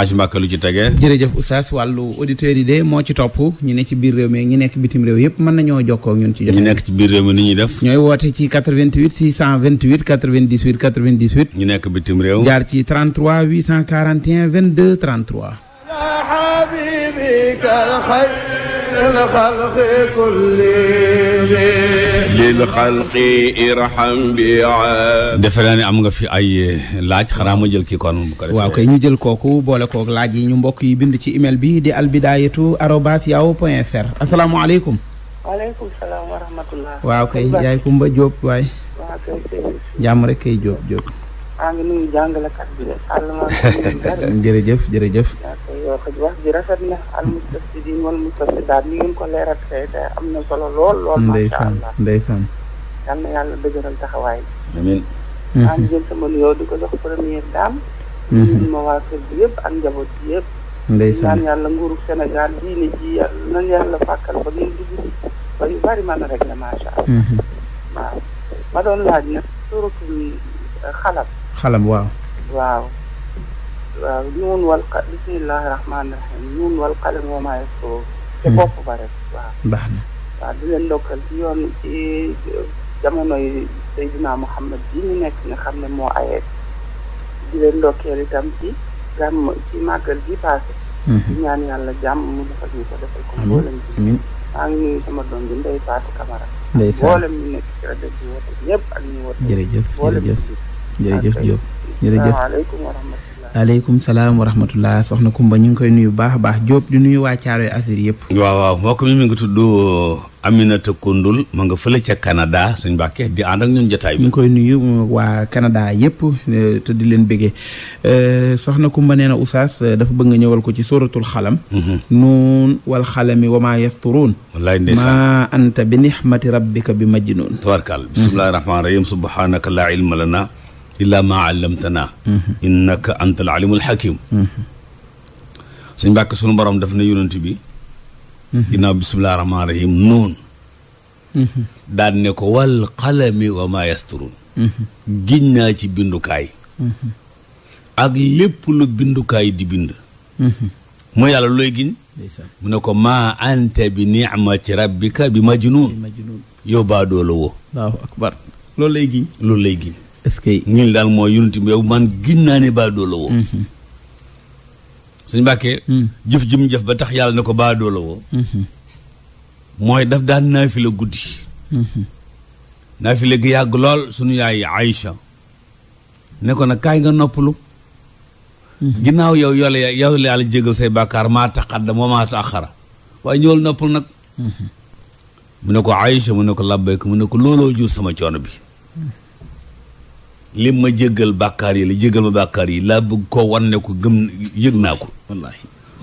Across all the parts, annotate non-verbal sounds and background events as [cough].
ajmaka lu ci tege. jërëjëf oustaz wàllu auditeurs yi de moo ci topp ñu ne ci biir réew mi ñi nekk bitim réew yëpp mën nañoo jokkoo ñun ci. ñu nekk ci biir réew mi ni ñuy def. ñooy woote ci 88 628 98 98. ñu nekk bitim réew. jaar ci 33 841 22 33. للخلق كلهم للخلق ارحم بيعا defe naa ne am nga fi ay eh, laaj xanaa ma jël kii kon waaw kay ñu jël kooku boole kook laaj yi ñu mbokk yi bind ci email bi di albidayatu arobas yahoo point fr asalaamaaleykum waaleykum salaam wa rahmatulah waaw kay yaay Kumba Jóob waay jàmm rek kay Jóob Jóob maa ngi nuyu jàngalekat bi de Sall maa ngi [laughs] jërëjëf jërëjëf. yoo ko wax ji rafet na al mustasidiin wal mustasidaat ni ngeen ko leeral tey am na solo lool. lool macha allah ndeysaan yàlla dëgëral taxawaay bi. amiin. Mhm. maa jël sama nuyoo di ko jox première dame. ñu mhm. ma waa kër bi yëpp Sénégal diine ji nañ yàlla fàkkal ba ngeen dugg ba yu bari mën a régler allah. Mhm. waaw ma doon laaj nag suratul xalaq xalam waaw waaw waaw nuun wal qa bismillahi rahmaani rahim nuun wal qalam wa maa yasturuun te bopp ba rek waaw baax na waaw di leen ndokkal ci yoon ci jamono yi Seydina Muhammad yi ñu nekk nga xam ne moo ayee di leen ndokkeel itam ci gàmm ci màggal ji passé hmm. di ñaan yàlla jàmm mu defal ñu ko defal ko mboolem bi maa ngi nuyu sama doom bi Ndeye Fatou Camara mboolem ñu nekk ci rajo bi woote ñëpp ak ñu jërëjëf ah, Diop jërëjëf aleykum salaam wa soxna Kumba ñu ngi koy nuyu baax a baax Diop di nuyu waa Caaroy yëpp. waaw waaw mi mi ngi tudd uh, Aminata Koundoul ma nga fële ca sëñ Mbàkke di ànd ak ñun bi. ñu ngi koy nuyu uh, waa Canada yëpp uh, te leen bëggee soxna Kumba nee na Oustaz dafa bëgg nga ñëwal ko ci suratul xalam. Mm-hmm. nuun wal xalami wa maa yasturuun. maa anta bi nixmati rabbika bi majnuun. tabarkal bismillahi rahmaani rahim subhanaka laa ilma lana illaa maa allamtanaa innaka anta al alimul hakim suñ mbàkk sunu borom daf na yonent bi ginnaaw bisimilah rahmaani rahim nuun daan ne ko wal qalami wa maa yasturuun giñ naa ci bindukaay ak lépp lu bindukaay di bind mooy yàlla looy giñ mu ne ko maa anta bi ni'mati rabbika bi majnuun yow baa doo la est-ce que daal mooy yonent bi yow man gin naa ne baadoo la woo. Mhm. suñu mbàkkee. Mhm. jëf jëm jëf ba tax yàlla na ko baadoo la woo. Mhm. mooy daf daan naafila guddi. naafila gi yàgg lool sunu yaay Aïcha. ne ko nag kaay nga noppalu. ginnaaw yow yow la yow yàlla jégal say bàkkaar maa taqaddama wa maa waaye ñëwal noppalu nag. mu ne ko Aïcha mu ne ko labbayka mu ne ko looloo jur sama coon bi. li ma jéggal bàkkaar yi la jéggal ma bàkkaar yi laa bëgg koo wan ne ko gëm yëg naa ko wallaahi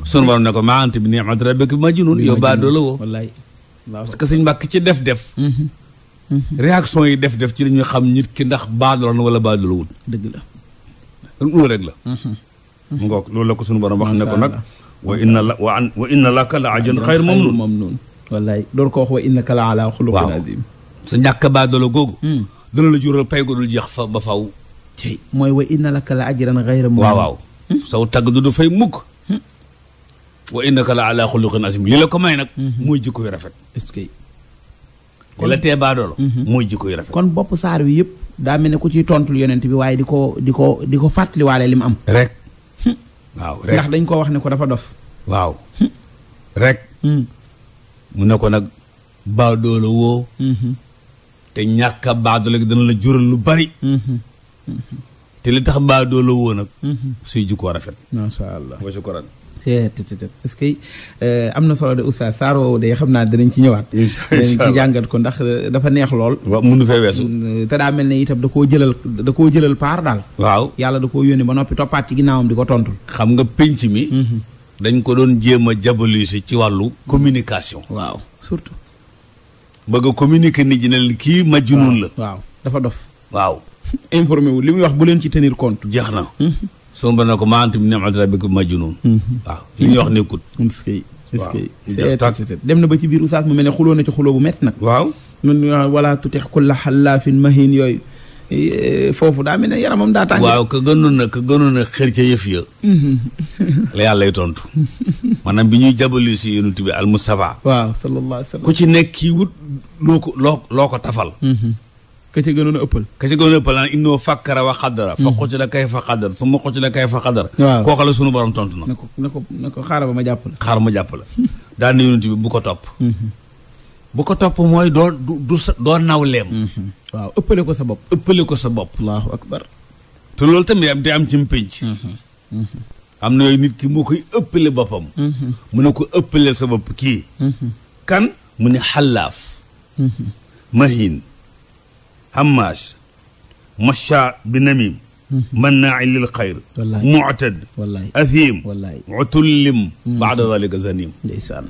sunu borom ne ko maa anta bi ni'mati rabbika bi majnuun yow baa doo la woo parce que sëñ Mbàkke ci def def mhm. Mhm. réaction yi def def ci la ñu xam nit ki ndax baadooloon wala baadolowul dëgg la loolu rek la mhm. mu ngoog loolu la ko sunu borom wax ne ko nag wa inna la wa wa inna laka la ajran xayr mamnuun wallaay doon ko wax wa innaka la ala xuluqin aziim sa ñàkk baadoolo googu mm. dana la jural pay ko dul jeex fa ba faw mooy wa inna laka la ajran ghayra mamnun waaw waaw hmm? saw tagg du du fay mukk hmm? wa innaka la ala xuluqin azim li la ko may nag hmm, mooy jikko yu rafet est-ce que kon la kon bopp saar wi yëpp daa mel ne ku ciy tontul yonent bi waaye di ko di ko di ko fàttaliwaale li mu am rek waaw rek ndax dañ ko wax ne ko dafa dof waaw ne ko nag woo te ñàkk a baadoo dana la jural lu bari. Mm-hmm. Mm-hmm. te li tax baadoo la woon ak. Mm-hmm. suy jukkoo rafet. macha allah wa shukran. est-ce que euh, am na solo de oustaz saar woowu de xam naa danañ ci ñëwaat jàngat ko ndax euh, dafa neex lool waaw mënu fee weesu mm, te daa mel ne itam da koo jëlal da koo jëlal paar daal waaw yàlla da koo yónni ba noppi toppaat ci ginnaawam di ko tontul xam nga pénc mi dañ ko doon jéem a jabalisi ci wàllu communication surtout bëgg a communiquer nit ñi ne kii majnun la. waaw dafa dof. waaw. [laughs] informé wu li muy wax bu leen ci tenir compte. jeex na. Hmm? sunu ba ne ko maa antum bi ni'mati rabbikum majnun. Hmm. waaw li ñuy wax nekkut. [laughs] waaw est dem na ba ci biir oustaz mu mel ne xuloo na ci xuloo bu métti nag. waaw. man wala tutix kulla xallaafin mahin yooyu. Eh, foofu daa mel ne yaramam daa tàng. waaw ka gënoon a ka gënoon a xër ca yëf ya. [laughs] la yàlla lay tontu. maanaam bi ñuy jabalu si yonent bi al Mustafa. waaw sallallahu alayhi wa sallam ku ci nekk kii wut loo ko loo loo ko tafal. Mhm. ka ca gënoon a ëppal. ka ca gënoon a ëppal naan innoo fakkara wa xaddara. fa xucc mhm. la kay fa xaddar fu ma xucc la kay fa xaddar. waaw kooka la sunu borom tontu na. na ko na ko ma jàpp la. xaaral ma jàpp la [laughs] daan na yonent bi bu ko topp. Mhm. bu ko topp mooy doo du doo nawleem. Mhm. waaw ëppale ko sa bopp. ëppale ko sa bopp. allahu te loolu tamit am te am ci mpénc. Mhm. Mhm. am na yooyu nit ki moo koy ëppale boppam. mu ne ko ëppaleel sa bopp kii. kan mu ne xallaaf. mahin. hammaas. masha bi namim. mannaa'i lil xayr. wallaay mu'tad. wallaay athiim. wallaay utullim. ba'da dalika zanim. ndeysaan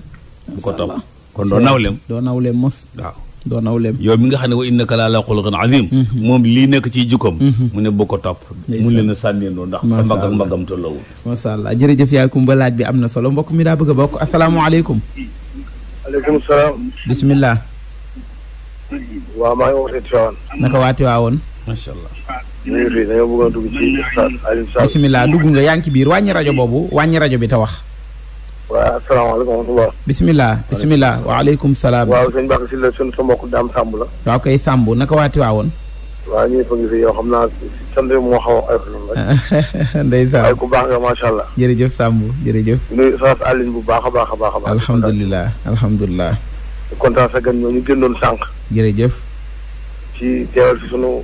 bu ko topp. kon doo nawleem doo nawleem mos waaw doo nawleem yow mi nga xam ne wa innaka laa laa xuluqin azim mhm. moom lii nekk ci jukkoom mhm. mu ne bu ko topp mu leen a sànneendoo ndax sa mbagg ak mbaggam tolloowul masha Allah jërëjëf laaj bi na solo mbokk mi daa bokk asalaamaaleykum aleykum salaam bismillah waaw maa ngi wootee waa Tiwaawan macha allah. ñu dugg ci nga yaa biir wàññi rajo boobu wàññi rajo bi te wax. waaw asalaamaaleykum wa rahmatulah. bisimilah bisimilah waaleykum salaam. waaw sëñ Bakh si la suñu sa mbokk daam Samb la. waaw kay Samb naka waati waawoon. waaw ñu ngi fa ngi fi yow xam naa sant bi moo xaw a [laughs] baax nga macha allah. jërëjëf Samb jërëjëf. nuyu Saas bu baax a baax a baax a baax. alhamdulilah alhamdulilah. kontaan ñu génnoon sànq. jërëjëf. ci teewal si sunu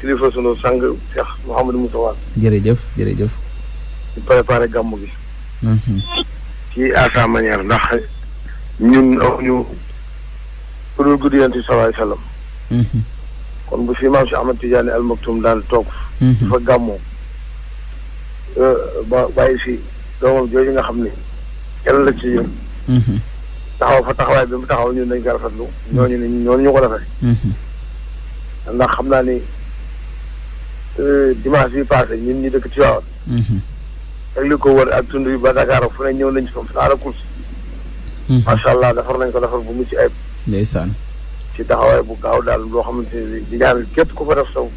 kilifa sunu sang Cheikh Mouhamadou Moussa Wade. jërëjëf jërëjëf. préparé gàmmu gi. Mhm. ci à sa manière ndax ñun amuñu ku dul guddi yonent bi salaay salaam mhm. kon bu fi maam si Ahmad Tidiane Al Maktoum daan toog mhm. dafa gàmmoo euh, ba bàyyi si doomam jooju nga xam ni kenn la ci yéen mhm. taxaw fa taxawaay bi mu taxaw ñun dañ ko rafetlu ñooñu ne ñooñu ñu ko rafet ndax xam naa ni euh, dimanche bi passé ñun ñu dëkk Tivaouane ak li war ak tund yi ba Dakar fu ne ñëw nañ fa à la course. Hmm. macha allah defar nañ ko defar bu mucc ayib. ndeysaan. ci taxawaay bu gaaw daal loo xamante ne di ñaanal képp ko fa def saw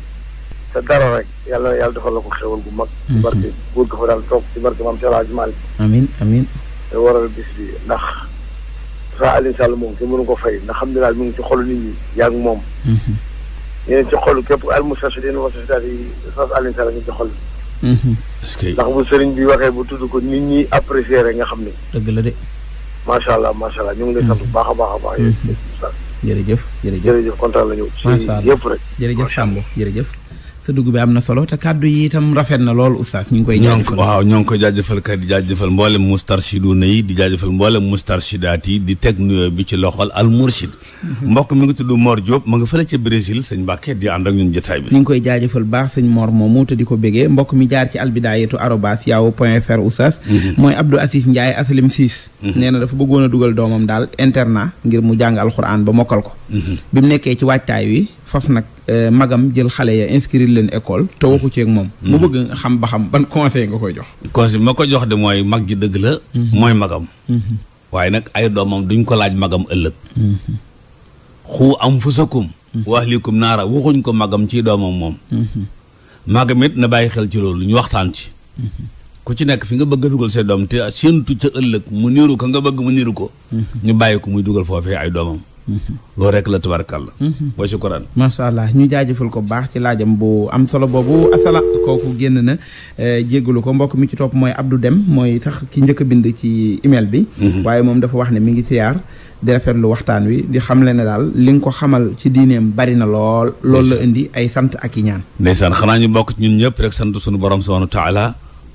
te dara rek yàlla na yàlla defal la ko xéwal bu mag. ci hmm. barke góor ga fa daal toog ci barke maam Seydi Hadji Malick. amiin amiin. te bis bi ndax sa Alioune moom kenn mënu ko fay ndax xam ne daal mi ngi ci xolu ni ñi moom. ñu hmm. ci xolu képp almustarchidin wa société yi sa Alioune Sall mi ngi est-ce que ndax bu sëriñ bi waxee bu tudd ko ñu ñi apprécier rek nga xam ne. dëgg la de. macha allah macha allah ñu ngi lay sant bu mhm. baax a baax a baax. Mhm. jërëjëf jërëjëf jërëjëf kontaan nañu. macha allah ci yëpp rek. jërëjëf Samb jërëjëf. sa dugg bi am na solo te kàddu yi itam rafet na lool oustaz ñu ngi koy jaajëfal waaw ñoo ngi koy jaajëfal kat di jaajëfal mboolem mustarchiduuna yi di jaajëfal mboolem mustarchidaat yi di teg nuyoo bi ci loxol al murshid mm-hmm. mbokk mi ngi tudd moor Diop ma nga fële ca Brésil sëñ Mbàkke di ànd ak ñun jotaay bi ñu ngi koy jaajëfal baax sëñ Mor moomu te di ko bégee mbokk mi jaar ci albidaayatu arobas yahoo point fr oustaz mm-hmm. mooy Abdou Assis Ndiaye asalim siis mm-hmm. nee na dafa bëggoon a dugal doomam daal internat ngir mu jàng alxuraan ba mokkal ko bi mu nekkee ci waajtaay wi faf nag euh, magam jël xale ya inscrite leen école te waxu ceeg moom mm-hmm. mu bëgg xam ba xam ban conseil nga koy jox conseil ma ko jox de mooy mag ji dëgg la mm-hmm. mooy magam mm-hmm. waaye nag ay doomam duñ ko laaj magam ëllëg xu am fusakum wa ahlikum naara waxuñ ko magam ci doomam moom magam it na bàyyi xel ci loolu ñu waxtaan ci ku ci nekk fi nga bëgg a dugal say doom te sintu ca ëllëg mu niiru ko nga bëgg mu niiru ko ñu bàyyi ko muy dugal foofee ay doomam loolu rek la tubarkàlla. wa mhm. shukran. macha allah ñu jaajëfal ko bu baax ci laajam bu am solo boobu asala kooku génn na eh, jéggalu ko mbokk mi ci topp mooy Abdou Dem mooy tax ki njëkk a bind ci email bi. Mhm. waaye moom dafa wax ne mi ngi siyaar. di rafetlu waxtaan wi di xam le ne daal li nga ko xamal ci diineem bari na lool. loolu la indi ay sant ak yi ñaan. ndeysaan xanaa ñu bokk ñun ñëpp rek sant suñu borom subhanahu wa taala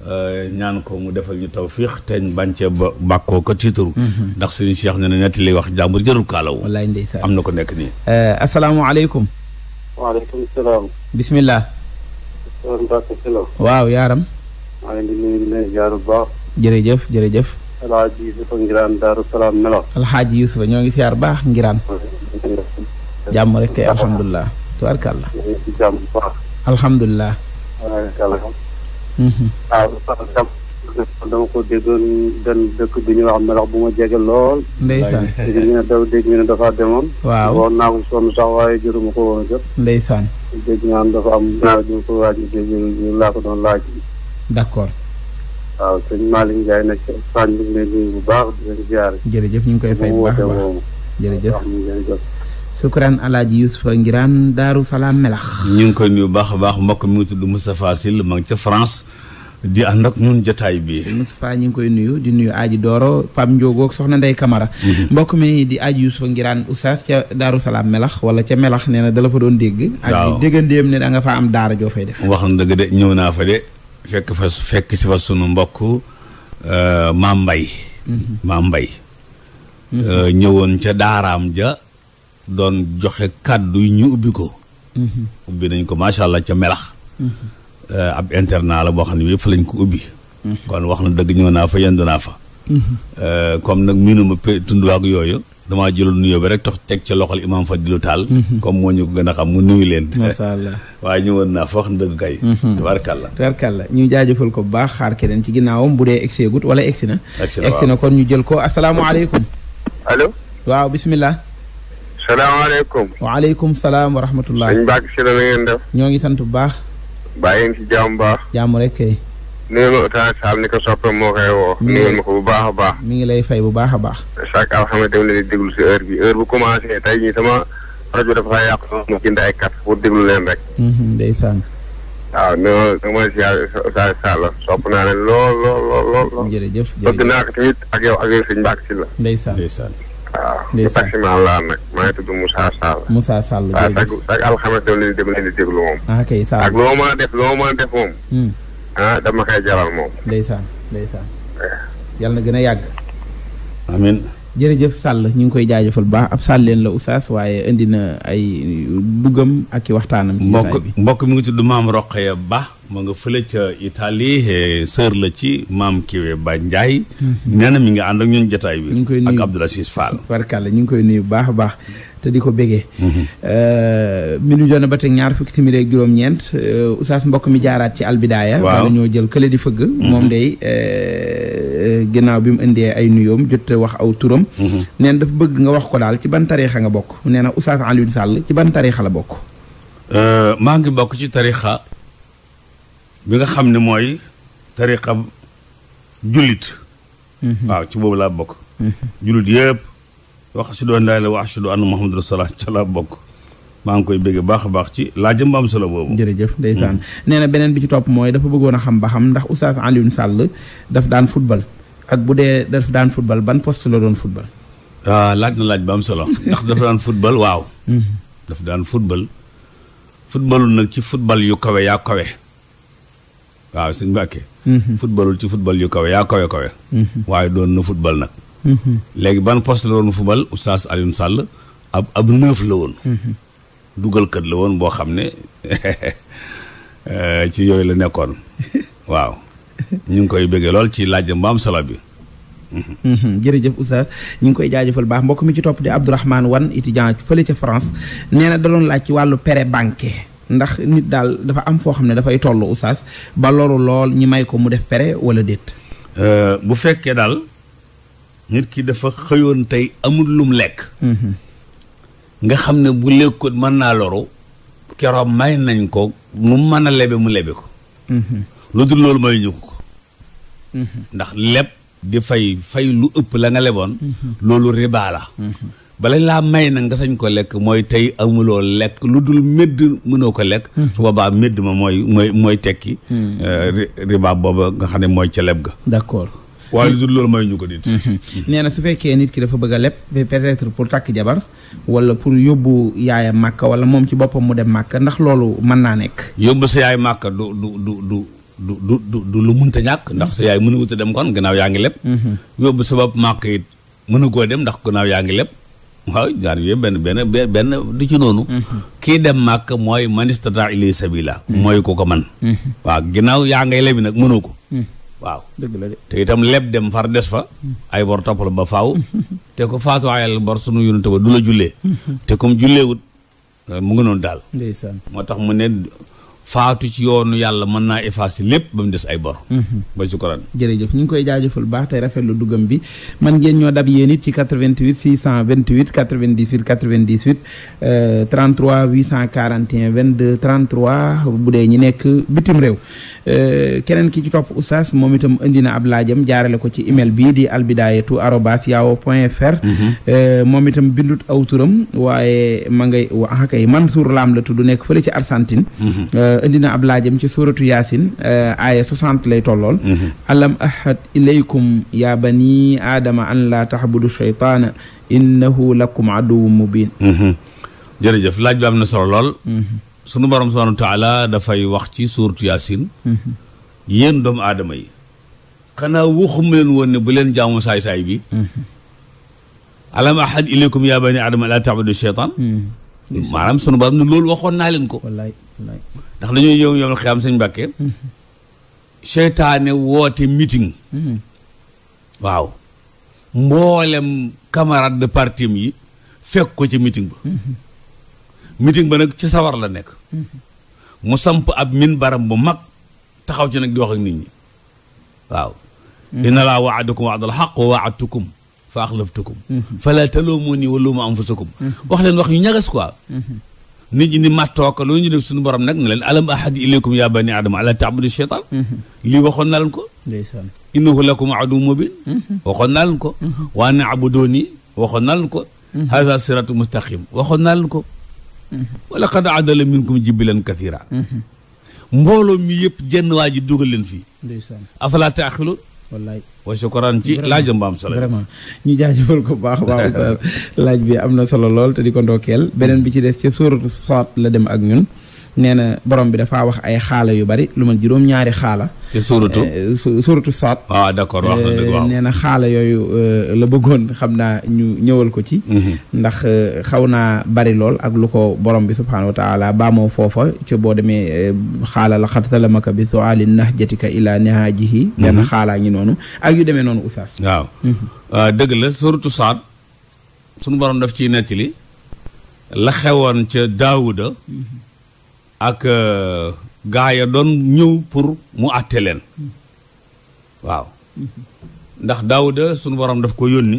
Euh, ñaan ko mu defal ñu tawfiix teñ bàncee ba bàkkoo ko tiitaru mhm. ndax sëriñ Cheikh ne na netti wax jàmbur jërul kaalaw wallaay am na ko nekk nii euh, asalaamaaleykum waaleykum salaam bismillah waaw yaaram jërëjëf jërëjëf alxaaji yusufa ngiraan daaru salaam melo alxaaji yusufa ñoo ngi siyaar baax ngiraan jàmm rek kay alhamdulilah tubarkàlla Mm-hmm. waaw dama ko déggoon benn dëkk bi ñu wax melax bu ma jege lool. ndeysaan dégg daw dégg ñu ne dafa demoon. waaw woon naa ko sonn sax waaye jëruma ko woon a jot. ndeysaan dégg naa dafa am ñaar ñu ko waaj dégg laa ko doon laaj. d'accord. waaw sëñ Malick Ndiaye nag ci Espagne bi ñu bu baax di leen ziar. jërëjëf ñu ngi koy fay bu baax a baax jërëjëf sukran alaaji Yusufa Ngiraan Daaru Salaam Melax. ñu ngi koy nuyu baax a baax mbokk mi ngi tudd Moustapha Syll ma ca France di ànd ak ñun jotaay bi. Moustapha ñu ngi koy nuyu di nuyu Aji Dooro Pam Ndiogo soxna Ndey Kamara. Mhm. mbokk mi di Aji Yusufa Ngiraan Oustaz ca Daaru Salaam Melax wala ca Melax nee na da la fa doon dégg. waaw ak déggandéem ne da nga am daara joo fay def. wax na dëgg de ñëw naa fa de fekk fa fekk si fa sunu mbokk euh, Maam Mbay. Mhm. Maam Mbay. Mhm. Euh, ñëwoon ca daaraam ja. doon joxe kàddu ñu ubbi ko. Mhm. ubbi nañ ko macha allah ca melax. Mhm. Eh, ab internat la boo xam ne bii fa lañ ko ubbi. Mhm. kon wax na dëgg ñëw naa fa yendu naa fa. Eh, comme nag miinu ma pe tunduwaag yooyu. damaa jëloon nuyoo ba rek tax teg ca loxol imaam Fadilou taal comme moo ñu gën a xam mu nuyu leen. macha allah [laughs] waaye ñëwoon naa fa wax dëgg kay. tubaarkàlla tubaarkàlla ñu jaajëfal ko bu baax xaar keneen ci ginnaawam bu dee egsi gut wala si na. egsi na kon ñu jël ko asalaamaaleykum. allo. waaw bisimilah. salaamaaleykum. waaleykum salaam wa rahmatullah. dañ baax si la ngeen def. ñoo ngi sant bu baax. bàyyi ngeen si jàmm baax. jàmm rek kay. nuyul ma ko soppam moo ko bu baax a baax. mi ngi lay fay bu baax a baax. chaque alxames dem na di déglu si heure bi heure bu commencé tey ñi sama rajo dafa yàq ma jënd ay kat pour déglu leen rek. Mhm, ndeysaan. waaw non dama si oustaz Sall sopp naa leen lool lool lool lool. jërëjëf jërëjëf bëgg naa ko tamit ak yow ak yow sëñ Mbacke si la. ndeysaan waaw di taximaan laa nag maa ngi tudd Moussa Sall. Moussa Sall jërëjëf waaw chaque chaque alxames dama leen di dem leen di déglu moom. ah kay Sall ak loo mën a def loo mën a def moom. Hmm. Ah, dama koy jaral moom. ndeysaan ndeysaan. Eh. yàlla na gën a yàgg. amiin. jërëjëf Sall ñu ngi koy jaajëfal baax ab Sall leen la Oustaz waaye indi na ay duggam ak i waxtaanam. mbokk bi mbokk mi ngi tudd maam Roqaya Ba ma nga fële ca Italie sœur la ci maam Kiwe Ba Ndiaye. Mhm. nee na mi nga ànd ak ñun jotaay bi. ñu ngi koy nuyu ak Abdoul Aziz ñu ngi koy nuyu bu baax a baax. te di ko bégee mi mhm. euh, nu joona ba teg ñaar fukki timir ak juróom-ñeent euh, oustaz mbokk mi jaaraat ci albidaaya waaw ñoo jël kële di fëgg mhm. moom day euh, ginnaaw bi mu indee ay nuyoom jot wax aw turam mhm. neen daf bëgg nga wax ko daal ci ban tariixa nga bokk nee na oustaz Alioune Sall ci ban tariixa la bokk maa ngi bokk ci tariixa bi nga xam ne mooy tariixa jullit waaw ci boobu laa bokk jullit yëpp wax ashadu an laa ilaaha wa ashadu anna muhammadan rasulullah ca laa bokk maa ngi koy bëgg baax a baax ci laajam ba am solo boobu jërëjëf mm. ndeysaan nee na beneen bi ci topp mooy dafa bëggoon a xam ba xam ndax Oustaz Alioune Sall daf daan futbal ak bu dee daf daan futbal ban poste la doon football waaw ah, laaj na laaj ba am solo [laughs] ndax dafa daan football waaw mm-hmm. dafa daan football footballul nag ci futbal yu kawe yaa kawe waaw sëñ Mbàkke mm-hmm. footballul ci futbal yu kawe yaa kawe kawe mm-hmm. waaye doon na futbal nag léegi ban poste la woon football oustaz Alioune Sall ab ab neuf la woon. dugal kët la woon boo xam ne [laughs] eh, ci yooyu la nekkoon waaw ñu ngi koy bëggee lool ci laaj mbaam solo bi. Mhm. jërëjëf Oustaz ñu ngi koy jaajëfal baax mbokk mi ci topp di Abdourahmane Wan étudiant fële ca France nee daloon da doon laaj ci wàllu prêt bancaire ndax nit daal dafa am foo xam ne dafay toll Oustaz ba loru lool ñi may ko mu def pere wala déet. Euh, bu fekkee daal. nit ki dafa xëyoon tey amul lum lekk mhm. nga xam ne bu lekkut mën naa loru keroog may nañ ko mu mën a lebe mu lebe ko mhm. lu dul loolu may ñu ko mhm. ndax leb di fay fay lu ëpp la nga leboon loolu ribaa la balañ laa may na nga sañ ko lekk mooy tey amuloo lekk lu dul medd mënoo ko lekk su boobaa médd ma mooy mooy mooy tekki euh, ribaa booba nga xam ne mooy ca leb ga d'accord waaye lu loolu may ñu ko nit mhm. mm-hmm. nee na su fekkee nit ki dafa bëgg a leb peut-être pour takk jabar wala pour yóbbu yaayam màkk wala moom ci boppam mu dem màkk ndax loolu mën naa nekk yóbbu sa yaay màkka du du du du du du du du ñàkk ndax sa yaay mhm. mënu wuta dem kon gannaaw yaa ngi leb mhm. yóbbu sa bopp màkk it mënu koo dem ndax gannaaw yaa ngi leb waaw ñaar yëpp benn benn benn du ci noonu kii dem màkk mooy man istata ilay sabila mooy ko ko man waaw ginnaaw yaa ngay lebi nag mënoo ko waaw dëgg la te itam leb dem far des fa ay bor toppal ba faaw [laughs] te ko faatu ayal bor sunu yonent ba du la jullee [laughs] te comme wut mu ngi noonu daal moo tax mu ne faatu ci yoonu yàlla mën naa effacer lépp ba mu des ay bor. Mhm. ba ci Koraan. jërëjëf ñu ngi koy jaajëfal baax tey rafetlu duggam bi man ngeen ñoo dab yéen it ci 88 628 98 98 33 vingt 22 33 bu dee ñi nekk bitim réew. Euh, keneen ki ci topp oustaz moom itam indi na ab laajam jaarale ko ci email bii di albidaayatu arobas yahoo point fr. Mhm. Euh, moom itam bindut aw turam waaye ma ngay wax kay Mansour Lam la tudd nekk fële ci Argentine. Mhm. Euh, indi na ab laajam ci suuratu yaasin euh, aaya 60 lay tollool mm-hmm. alam ahad ilaykum ya bani aadama an laa taxbudu shaytaana innahu lakum aduwwun mubin mm-hmm. jërëjëf laaj bi am na solo lool mm-hmm. sunu borom subhaanahu wa taala dafay wax ci suuratu yaasin yéen doomu aadama yi xanaa waxuma leen woon ne bu leen jaamu saay-saay bi alam ahad ilaykum yaa bani aadama laa taxbudu shaytaan maanaam sunu borom ne loolu waxoon naa leen ko wallaay wallaay ndax dañoo yow yow xiyam sëñ Mbàkke seytaane woote meeting waaw mboolem camarade de parti yi fekk ko ci meeting ba meeting ba nag ci sawar la nekk mu samp ab min baram bu mag taxaw ci nag di wax ak nit ñi waaw inna laa waadakum waadal xaq wa waadtukum fa axlaftukum mm-hmm. fala taloomoo nii wa luumu anfusakum mm-hmm. wax leen wax yu ñagas quoi mm-hmm. nit ñi di màttooka loolu ñu def suñu borom nag ne leen a ahad ilaykum ya bani adama ala taabudu cheytaan mhm. lii waxoon naa leen ko innahu lakum adu mubin mhm. waxoon naa leen ko mhm. wa an abuduni waxoon naa leen ko hada siratu mustaqim waxoon naa leen ko wa laqad adala minkum jibilan kathira mbooloo mi yëpp jenn waa ji dugal leen fii afala taaxiloon wallaay wa shukran ci laajam ba solo vraiment ñu jaajëfal ko baax baax [laughs] laaj bi am na solo lool te di ko ndokkeel beneen bi ci des ca suuratu sot la dem ak ñun nee na borom bi dafa wax ay xaala yu bari lu man juróom-ñaari xaala ci suuratu eh, suuratu saat waaw ah, d'accord wax eh, eh, la bëggoon xam naa ñu ñëwal ko ci mm-hmm. ndax xaw naa bari lool ak lu ko borom bi subhaanahu wa taala baa moo foofa ci boo demee xaala la mm-hmm. ak yu demee noonu oustaz waaw mm-hmm. ah, dëgg la suuratu saat sunu borom daf ciy la xewoon ca daawuda ak gaa ya doon ñëw pour mu àtte leen waaw ndax Daawuda suñu borom daf ko yónni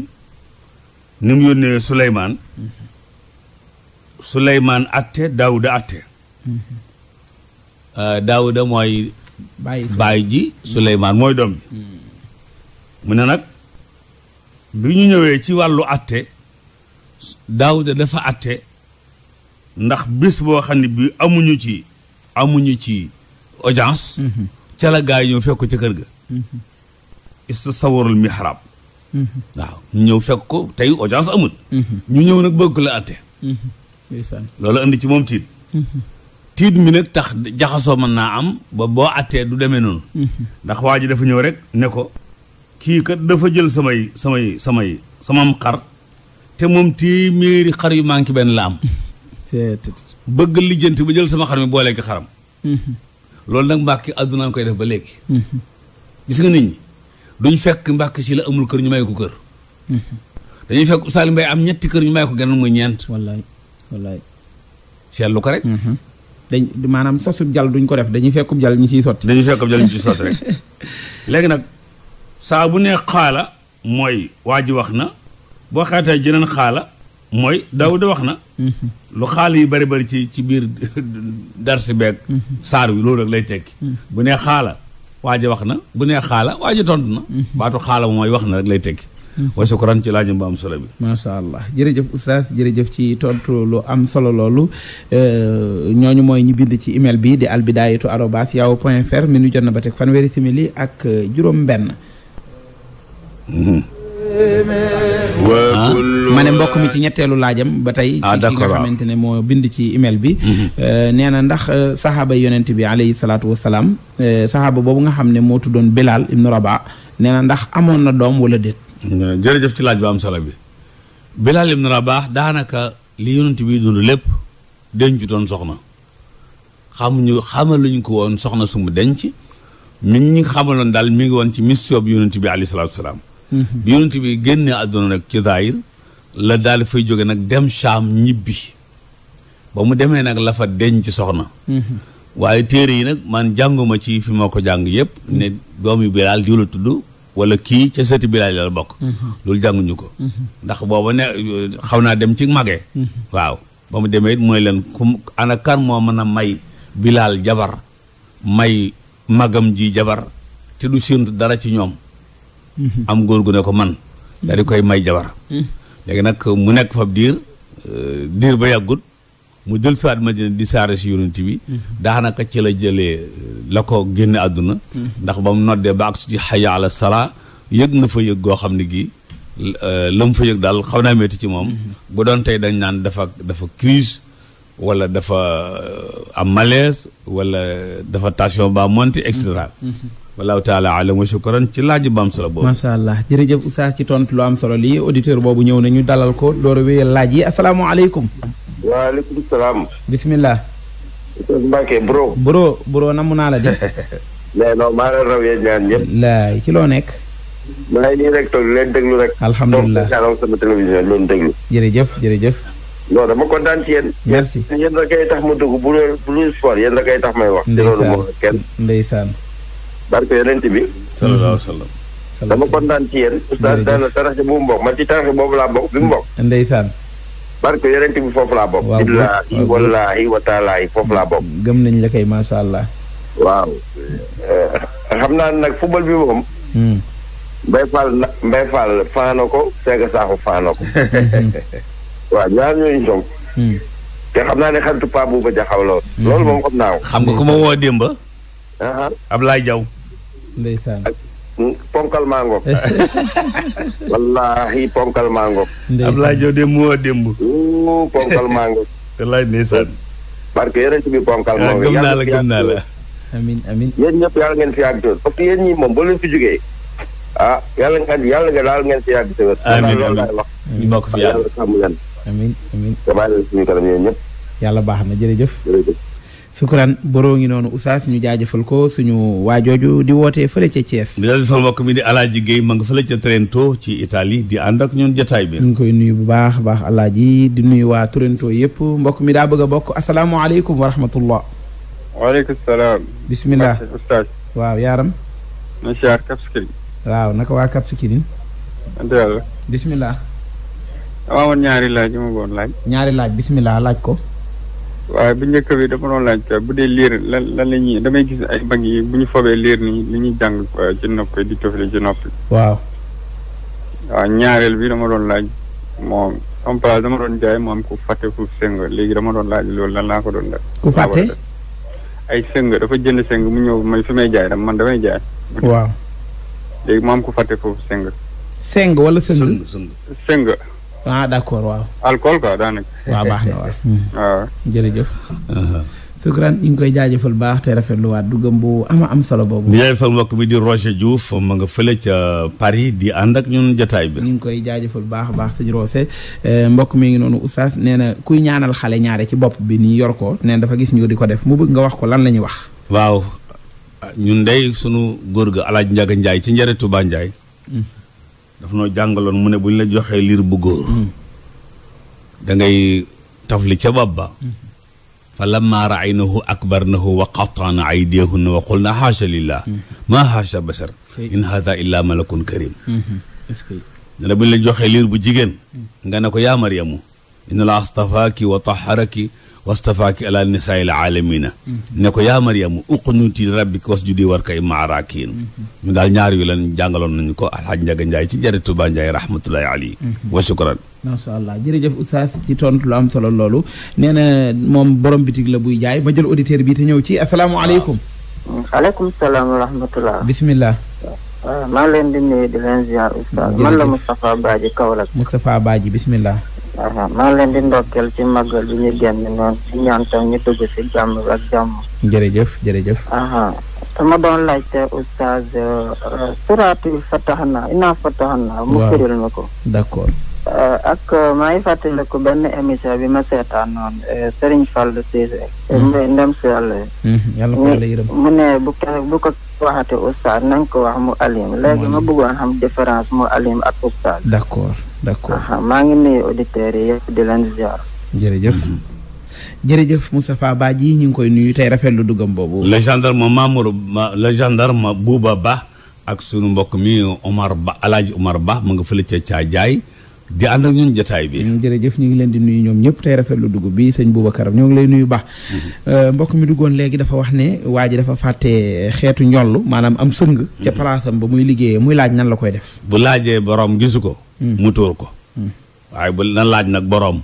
ni mu yónnee Suleymaan Suleymaan àtte Daawuda àtte euh, Daawuda mooy baay ji Suleymaan mooy doom ji hmm. mu ne nag bi ñu ñëwee ci wàllu àtte Daawuda dafa àtte ndax bis boo xam ne bi amuñu ci amuñu ci audience mhm. ca la fekk ko ca kër ga mhm. ista sawarul mihrab mhm. waaw ñu ñëw fekk ko tey audience amul ñu ñëw nag bëgg la atte loolu indi ci moom tiit tiit mi nag tax jaxasoo mën naa am ba boo attee du demee noonu ndax waa ji dafa ñëw rek ne ko kii kat dafa jël samay samay samay samam xar te moom téeméeri xar yu manqué benn la am [laughs] bëgg lijjant ba jël sama xar mi boolee ko xaram mhm. loolu nag mbàkki àdduna koy def ba léegi mhm. gis nga nit ñi duñ fekk mbàkki si la amul kër ñu may ko kër mhm. dañuy fekk Salim Mbaye am ñetti kër ñu may ko geneen muy ñeent wallaay wallaay seetlu ko rek dañ maanaam sosub jàll duñ ko def dañuy fekkub jal ñu ciy sotti dañuy fekkub jal ñu ciy sotti rek [laughs] léegi nag saa bu ne xaala mooy waa ji wax na boo xeetee jeneen xaala mooy Daawuda wax na mhm. lu xaal yi bari bari ci ci biir [laughs] darsi beeg mhm. saar bi loolu rek lay tekki mhm. bu nee xaala waaja wax na bu nee xaala waaja tontu na baatu xaala mooy wax na rek lay tekki wa sukran ci laajam bu am solo bi macha allah jërëjëf oustaz jërëjëf ci tontu lu am solo loolu euh, ñooñu mooy ñu bind ci email bi di albidaayatu arobas yahoo point fr mi nu jot na ba teg fanweeri simili ak euh, juróom benn Ah? ma ne mbokk mi ci ñetteelu laajam ba tey ah, ci xamante ne moo bind ci email bi mhm. eh, nee na ndax eh, saxaaba yonent bi alayhi salaatu wasalaam eh, saxaaba boobu nga xam ne moo tuddoon Bilaal ibnu Rabaa nee na ndax amoon na doom wala déet jërëjëf ci laaj bu am solo bi Bilaal ibnu Rabaa daanaka li yonent bi dund lépp dencu doon soxna xamuñu xamaluñ ko woon soxna su mu denc ñu ñi xamaloon daal mi ngi woon ci mission bi yonent bi alayhi salaatu wasalaam bi mm-hmm. yonent bi génnee àdduna nag ci daayir la daal di fay jóge nag dem Saam ñibbi ba mu demee nag la fa denc soxna mm-hmm. waaye téere yi nag man jànguma ci fi ma ko jàng yëpp ne doomi Bilaal diw la tudd wala kii ca sëti Bilaal la bokk mm-hmm. loolu jànguñu ko ndax booba ne xaw naa dem ci magee waaw ba mu demee mooy leen ku ana kan moo mën a may Bilaal jabar may magam ji jabar te du séentu dara ci ñoom Mm-hmm. am góor gu ne ko man mm-hmm. daal di koy may jabar mm-hmm. léegi nag mu nekk fab diir euh, diir ba yàggut mu jël siwaat Madina di saare si yonent bi daanaka ci la jëlee euh, la ko génne àdduna ndax ba mu noddee ba ak su ci xaya ala sala yëg na fa yëg goo xam ne gii euh, la mu fa yëg daal xaw naa metti ci moom bu doon tey dañ naan dafa dafa crise wala dafa am malaise wala dafa tension ba monti et cetera wallahu taala alam wa shukran ci laaj bu am solo boobu allah jërëjëf oustaz ci tontu lu am solo lii auditeur boobu ñëw nañu dalal ko door a laaj yi asalaamaaleykum waaleykum salaam bismillah oustaz Mbacke na bro bro naa la de mais [laughs] maa leen raw yéen ñaan ñëpp laay ci loo nekk maa ngi nii rek toog leen déglu rek alhamdulilah toog sama télévision leen déglu jërëjëf jërëjëf non dama kontaan ci yéen. merci yéen da koy tax ma dugg bu bu sport yéen da koy tax may wax. ndeysaan te loolu barke yonent bi. sallallahu alayhi wa sallam. dama kontaan ci yéen. oustaz bu mu bokk man ci tarax boobu laa bokk bi mu bokk. ndeysaan. barke yonent bi foofu laa bokk. waaw billaahi wallaahi wa foofu laa bokk. gëm nañ la kay macha allah. waaw. Eh, xam naa nag football bi moom. Hmm. Mbaye Fall na ko Sega Sakho faana ko. [laughs] waaw ñaar ñooñu ñoom. Hmm. te xam naa ne xaritu Paa Bouba Diakhao hmm. loolu moom xam naa xam nga ku ma woo démb. Ah, ah. Ablaye Diaw. ndeysaan ponkal maa ngoog [laughs] wallaahi ponkal maa ngoog Abdoulaye Diop de moo démb ponkal maa ngoog wallaahi ndeysaan parce que yonent bi ponkal ah, maa ngoog naa la gëm naa la amin amin yéen ñëpp yàlla ngeen fi yàgg parce que yéen ñi moom ba leen fi jógee ah yàlla nga yàlla nga daal ngeen fi yàgg tëwër amiin loolu amin amin damaa leen ñëpp yàlla baax na jërëjëf jërëjëf sukkuraan boroo ngi noonu Oustaz ñu jaajëfal ko suñu waajooju di wootee fële ca Thiès. di daal mbokk mi di Alaaji Guèye ma nga fële ca Trento ci Italie di ànd ak ñun jataay bi. ñu ngi koy nuyu bu baax a baax di nuyu waa Trento yëpp mbokk mi daa bëgga bokk asalaamualeykum wa rahmatullah. waaleykum salaam. bisimilah Oustaz. waaw yaaram. monsieur Kap Skirring. waaw naka waa Kap Skirring. sant yàlla. bisimilah. ñaari laaj yu laaj. ñaari laaj ko. waaye bu njëkk bi dama doon laaj bu dee liir lan lan la ñuy damay gis ay mag yi bu ñu fobee liir nii li ñuy jàng euh, ci nopp di tofale ci nopp. waaw. waaw ñaareel bi dama doon laaj moom en place dama doon jaay moom ku fàtte fu sëng léegi dama doon laaj loolu lan laa ko doon def. ku sëng dafa jënd sëng mu ñëw man fi may jaay dama man damay jaay. waaw. moom ku fàtte foofu sëng. sëng wala sëng. ah d' accord waaw. alcool quoi daanaka. waaw baax na waaw. Hmm. [laughs] waaw jërëjëf. Sukran ñu ngi koy jaajëfal baax te rafetluwaat duggam bu ama am solo boobu. di jaajëfal mbokk mi di Roger Diouf ma nga fële ca Paris di ànd ak ñun jotaay bi. ñu ngi koy jaajëfal baax a baax sëñ Roose eh, mbokk mi ngi noonu oustaz nee na kuy ñaanal xale ñaare ci bopp bi nii yor ko nee dafa gis ñu di ko def mu bëgg nga wax ko lan la ñuy wax. waaw ñun day sunu góor gi El Hadj Ndiaga Ndiaye ci njëriñ Touba Ndiaye. Hmm. dafa noo jàngaloon mu ne bu ñu la joxee liir bu góor hmm. da tafli ca bopp ba hmm. fa lamma raaynahu akbarnahu wa qataana aydiyahunna wa qulna haasha lillah maa hmm. haasha bashar in haada illa malakun karim ne bu ñu la joxee liir bu jigéen nga ne ya yaa maryamu inna la astafaaki wa taharaki wastafaaki ala la aalamiina ne ko yaa maryamu uqnuti rabbiki wasjudi warka'i ma'a raakiin ñu daal ñaar yu lan jàngaloon nañu ko alxaaj njaga njaay ci jari Tuubaa njaay rahmatullahi alayhi wa shukran macha allah jërëjëf oustaz ci tontu lu am solo loolu nee na moom borom bitig la buy jaay ma jël auditeur bi te ñëw ci asalaamaaleykum aleykum salaam wa rahmatullah bismillah waaw maa ngi la Moustapha Badji Kaolack Moustapha bismillah waaw maa ngi leen di ndokkeel ci màggal bi ñu génn noonu ci ñaan tam ñu dugg ci jàmm ak jàmm. jërëjëf jërëjëf. dama doon laajte oustaz euh, suraatul fataxna inaa fataxna mu firil ma ko. d'accord. Euh, ak maa ngi ko benn émission bi ma seetaan noonu euh, Serigne Fall Cissé. Mhm. ndem si mhm, yàlla. yàlla mu ne bu bu ko. waxate oustaz na nga ko wax mu alim léegi ma bëggoon xam différence mu alim ak oustaz d' accord d' accord maa ngi nuyu auditeurs yi yëpp di leen ziar jërëjëf mm-hmm. jërëjëf Moustapha Badji ñu ngi koy nuyu tey lu dugam boobu le gendarme Mamour le gendarme Bouba Ba ak sunu mbokk mi Omar Ba Alaaji Omar Ba mu nga fële ca Caajaay di ànd ak ñun jotaay bi. Mm, jërëjëf ñu ngi leen di nuyu ñoom ñëpp tey rafetlu dugub bi sëñ Boubacar ñoo ngi lay nuyu baax. Mm-hmm. Euh, mbokk mi duggoon léegi dafa wax ne waa ji dafa fàtte xeetu ñollu maanaam am sëng. ca mm-hmm. palaasam ba muy liggéeyee muy laaj nan la koy def. bu laajee borom gisu ko. Mm-hmm. mu tóor ko. waaye bu na laaj nag borom.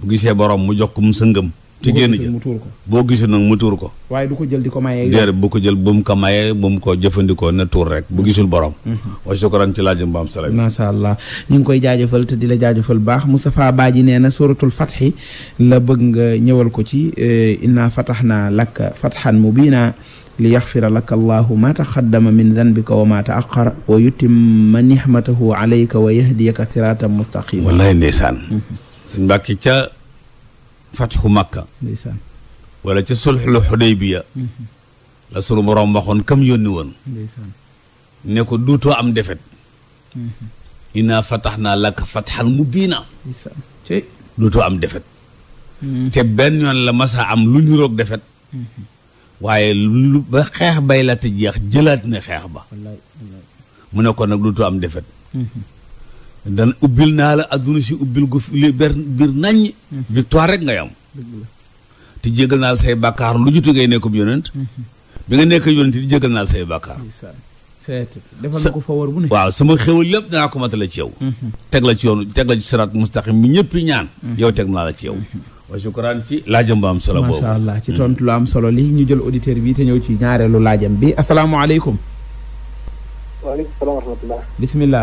bu gisee borom mu jox ko mu sëngam. ci génn ja mu tuur ko boo gisul nag mu tuur ko waaye du ko jël di ko maye déer bu ko jël bu mu ko maye bu mu ko jëfandikoo na tuur rek bu gisul borom mm-hmm. wa shukran ci laajëm ba am sala macha allah ñu ngi koy jaajëfal te di la jaajëfal baax Moustapha Badji nee na suratul fatxi la bëgg nga ñëwal ko ci eh, inna fataxnaa laka fatxan mubina li yaxfira laka allahu ma taxaddama min danbika wa ma taaqara wa yutimma nixmatahu alayka wa yahdiyaka siratan mustaqima wallaay ndeysaan mm-hmm. suñ mbàkki ca fatxu makka wala ca sulxul xudaybiya mhm. la sunu borom waxoon kam yónni woon ne ko duutoo am defet mhm. inna fatax naa laka fatxan mubiina duutoo am defet mhm. te benn yoon la masa am lu ñu defet waaye lu xeex bay la te jeex jëlaat na xeex ba mu ne ko nag duutoo am defet dana ubbil naa la adduna si ubbil gu li ber biir naññ victoire rek ngay am te jégal naa la say bàkkaar lu jutu ngay nekk yonent bi nga nekk yonent di jégal naa la say bàkkaar defal na ko fa war bu ne waaw sama xew lépp danaa ko matale ci yow teg la ci yoonu teg la ci siraat mustaqim bi ñaan yow teg naa la ci yow wa shukran ci laajam bu am solo boobu masha allah ci tontu lu am solo li ñu jël auditeur bi te ñëw ci ñaareelu laajam bi asalaamaaleykum waaleykum salaam wa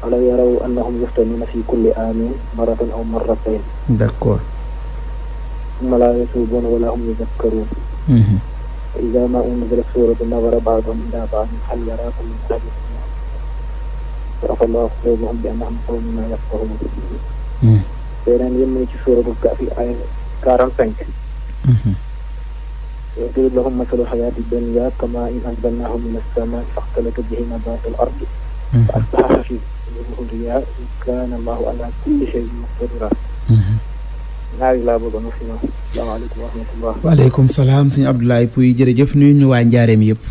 alam yaraw annahum yuftanuuna fi kulli aamin maratan aw marratayn d'accord summa laa yatuubuuna wala hum yuzakkaruun إذا ما أنزلت سورة نظر بعضهم إلى بعض هل يراكم من أحد فعفى الله قلوبهم بأنهم قوم لا يفقهون بينان يمني في سورة الكهف آية 45 ويضرب لهم مثل الحياة الدنيا كما إن أنزلناه من السماء فاختلط به نبات الأرض فأصبح حفيظا الأولياء كان الله على كل شيء مقتدرا ñaari laa bëggoon wax si ñoom salaamaaleykum wa rahmatullah waaleykum salaam sëñ Abdoulaye Pouy jërëjëf nuyu ñu waa Njaareem yëpp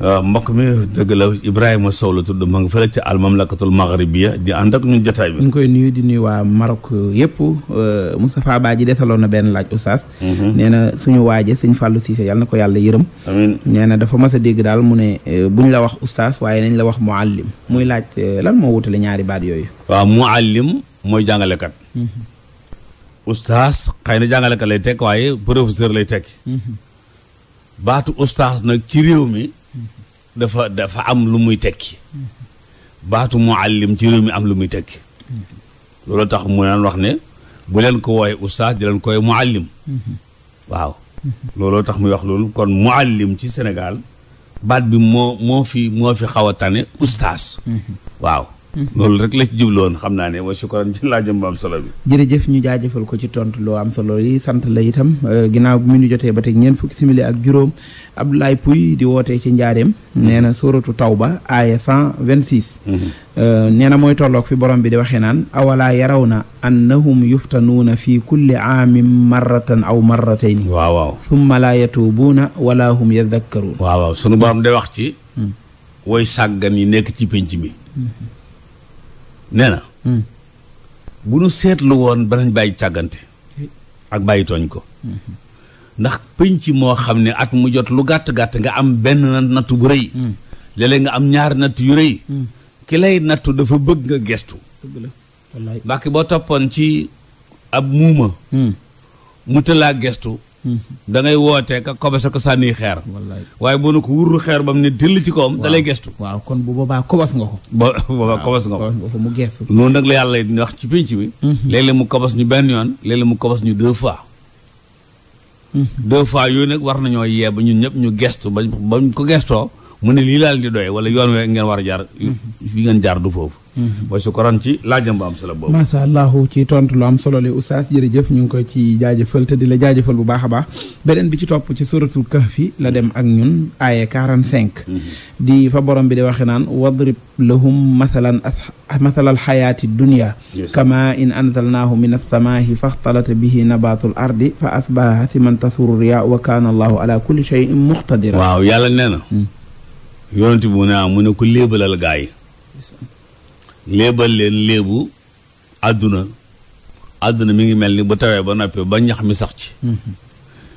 waaw euh, mbokk mi dëgg la Ibrahima Sow la tudd ma nga fële ca almamlakatul maghribiya di ànd ak ñun jotaay bi. ñu koy nuyu di nuyu waa Maroc euh, yëpp euh, Moustapha Badji desaloon na benn laaj oustaz. Mhm. nee na suñu waaje sëñ Fallou Cissé yàlla na ko yàlla yërëm. amiin nee dafa mas a dégg daal mu ne buñ la wax oustaz waaye nañ la wax muallim muy laaj lan moo wutale ñaari baat yooyu. waaw muallim mooy jàngalekat. Mhm. oustaz xëy na jàngalekat lay tekk waaye professeur lay tek mhm. baatu oustaz nag ci réew dafa dafa am lu muy tekki baatu muallim ci réew mi am lu muy tekki looloo tax mu naan wax ne bu leen ko wooye oustaz di leen koy muallim waaw looloo tax muy wax loolu kon àllim ci senegal baat bi moo moo fi moo fi xaw a tane oustaz waaw loolu rek la ci jubloon xam naa ne wa shukran ci laa bu am solo bi jërëjëf ñu jaajëfal ko ci tontu loo am solo yi sant la itam euh, ginnaaw bu mu ñu jotee ba teg ñeent fukki simili ak juróom Abdoulaye Pouy di wootee ci njaareem nee na suratu tawba aaya 126 mm-hmm. euh, nee na mooy tollook fi borom bi di waxee naan awalaa yaraw na na annahum yuftanuuna fi kulli aamin marratan aw marratayni waaw waaw summa laa yatuubuuna wala hum yadakkaruun waaw waaw sunu borom de wax ci mm. woy sàggan yi nekk ci pénc mi mm-hmm. nee na. Hmm. bu nu seetlu woon ba nañ bàyyi càggante hmm. ak bàyyi tooñ ko. Hmm. ndax penc moo xam ne at mu jot lu gàtt gàtt nga am benn nattu bu rëy. léeg nga am ñaar natt yu rëy. ki lay nattu dafa bëgg nga gestu. dëgg boo toppoon ci ab muuma. mu tëlaa gestu. da ngay woote ka kobos ko sànni xeer. waaye boo ne ko wurru xeer ba mu ne dell ci koom da gestu. waaw kon bu boobaa kobos nga ko. bo [laughs] boobaa kobos nga ko. mu gestu. noonu nag la di wax ci pénc bi. Mm-hmm. léeg mu kobos ñu benn yoon léeg-léeg mu kobos ñu deux fois. Mm-hmm. deux fois yooyu nag war nañoo yee ba ñun ñëpp ñu gestu ba bañ ko gestoo mu ne lii laal di doy wala yoon we ngeen war a jaar. Mm-hmm. fi ngeen jaar du foofu. Mm-hmm. mooy sukkuraan ci laajam bu solo boobu. macha allah ci tontu lu am solo li oustaz jërëjëf ñu ngi ko ci jaajëfal te di la jaajëfal bu baax baax beneen bi ci topp ci suratul kahfi la dem ak ñun aaye 45. Mm-hmm. di fa borom bi di waxe naan wadrib lahum mathalan mathalal xayaati dunia kama in anzalnaahu min a faxtalata bihi nabatul ardi fa asbaha siman tasuru riya wa kaana allahu ala kulli waaw yàlla nee na mm. yonent ne mu ne ko léebalal gaa yi léebal leen léebu àdduna àdduna mi ngi mel ni ba tawee ba noppee ba ñax mi sax ci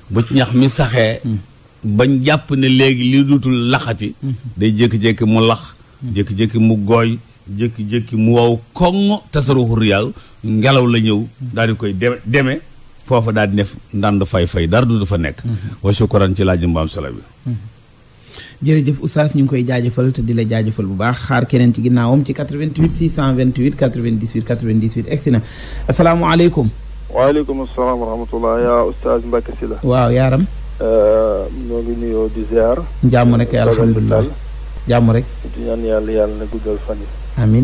bu ñax mi saxee bañ jàpp ne léegi li duutul laxati day jékki-jékki mu lax jékki-jékki mu gooy jékki-jékki mu wow koŋ tasaruxu riyaaw ngelaw la ñëw daal di koy deme foofu daal di def ndànd fay-fay dara du fa nekk wa shukran ci laaj mbaam solo bi jërëjëf Oustaz ñu ngi koy jaajëfal te di la jaajëfal bu baax xaar keneen ci ginnaawam ci 88 628 98 98 egsi na asalaamaaleykum. waaleykum salaam wa rahmatulah yaa Oustaz Mbacke Sylla. waaw yaaram. Euh, ñoo ngi nuyoo di ziar. jàmm rek alhamdulilah jàmm rek. yàlla yàlla na guddal fan yi.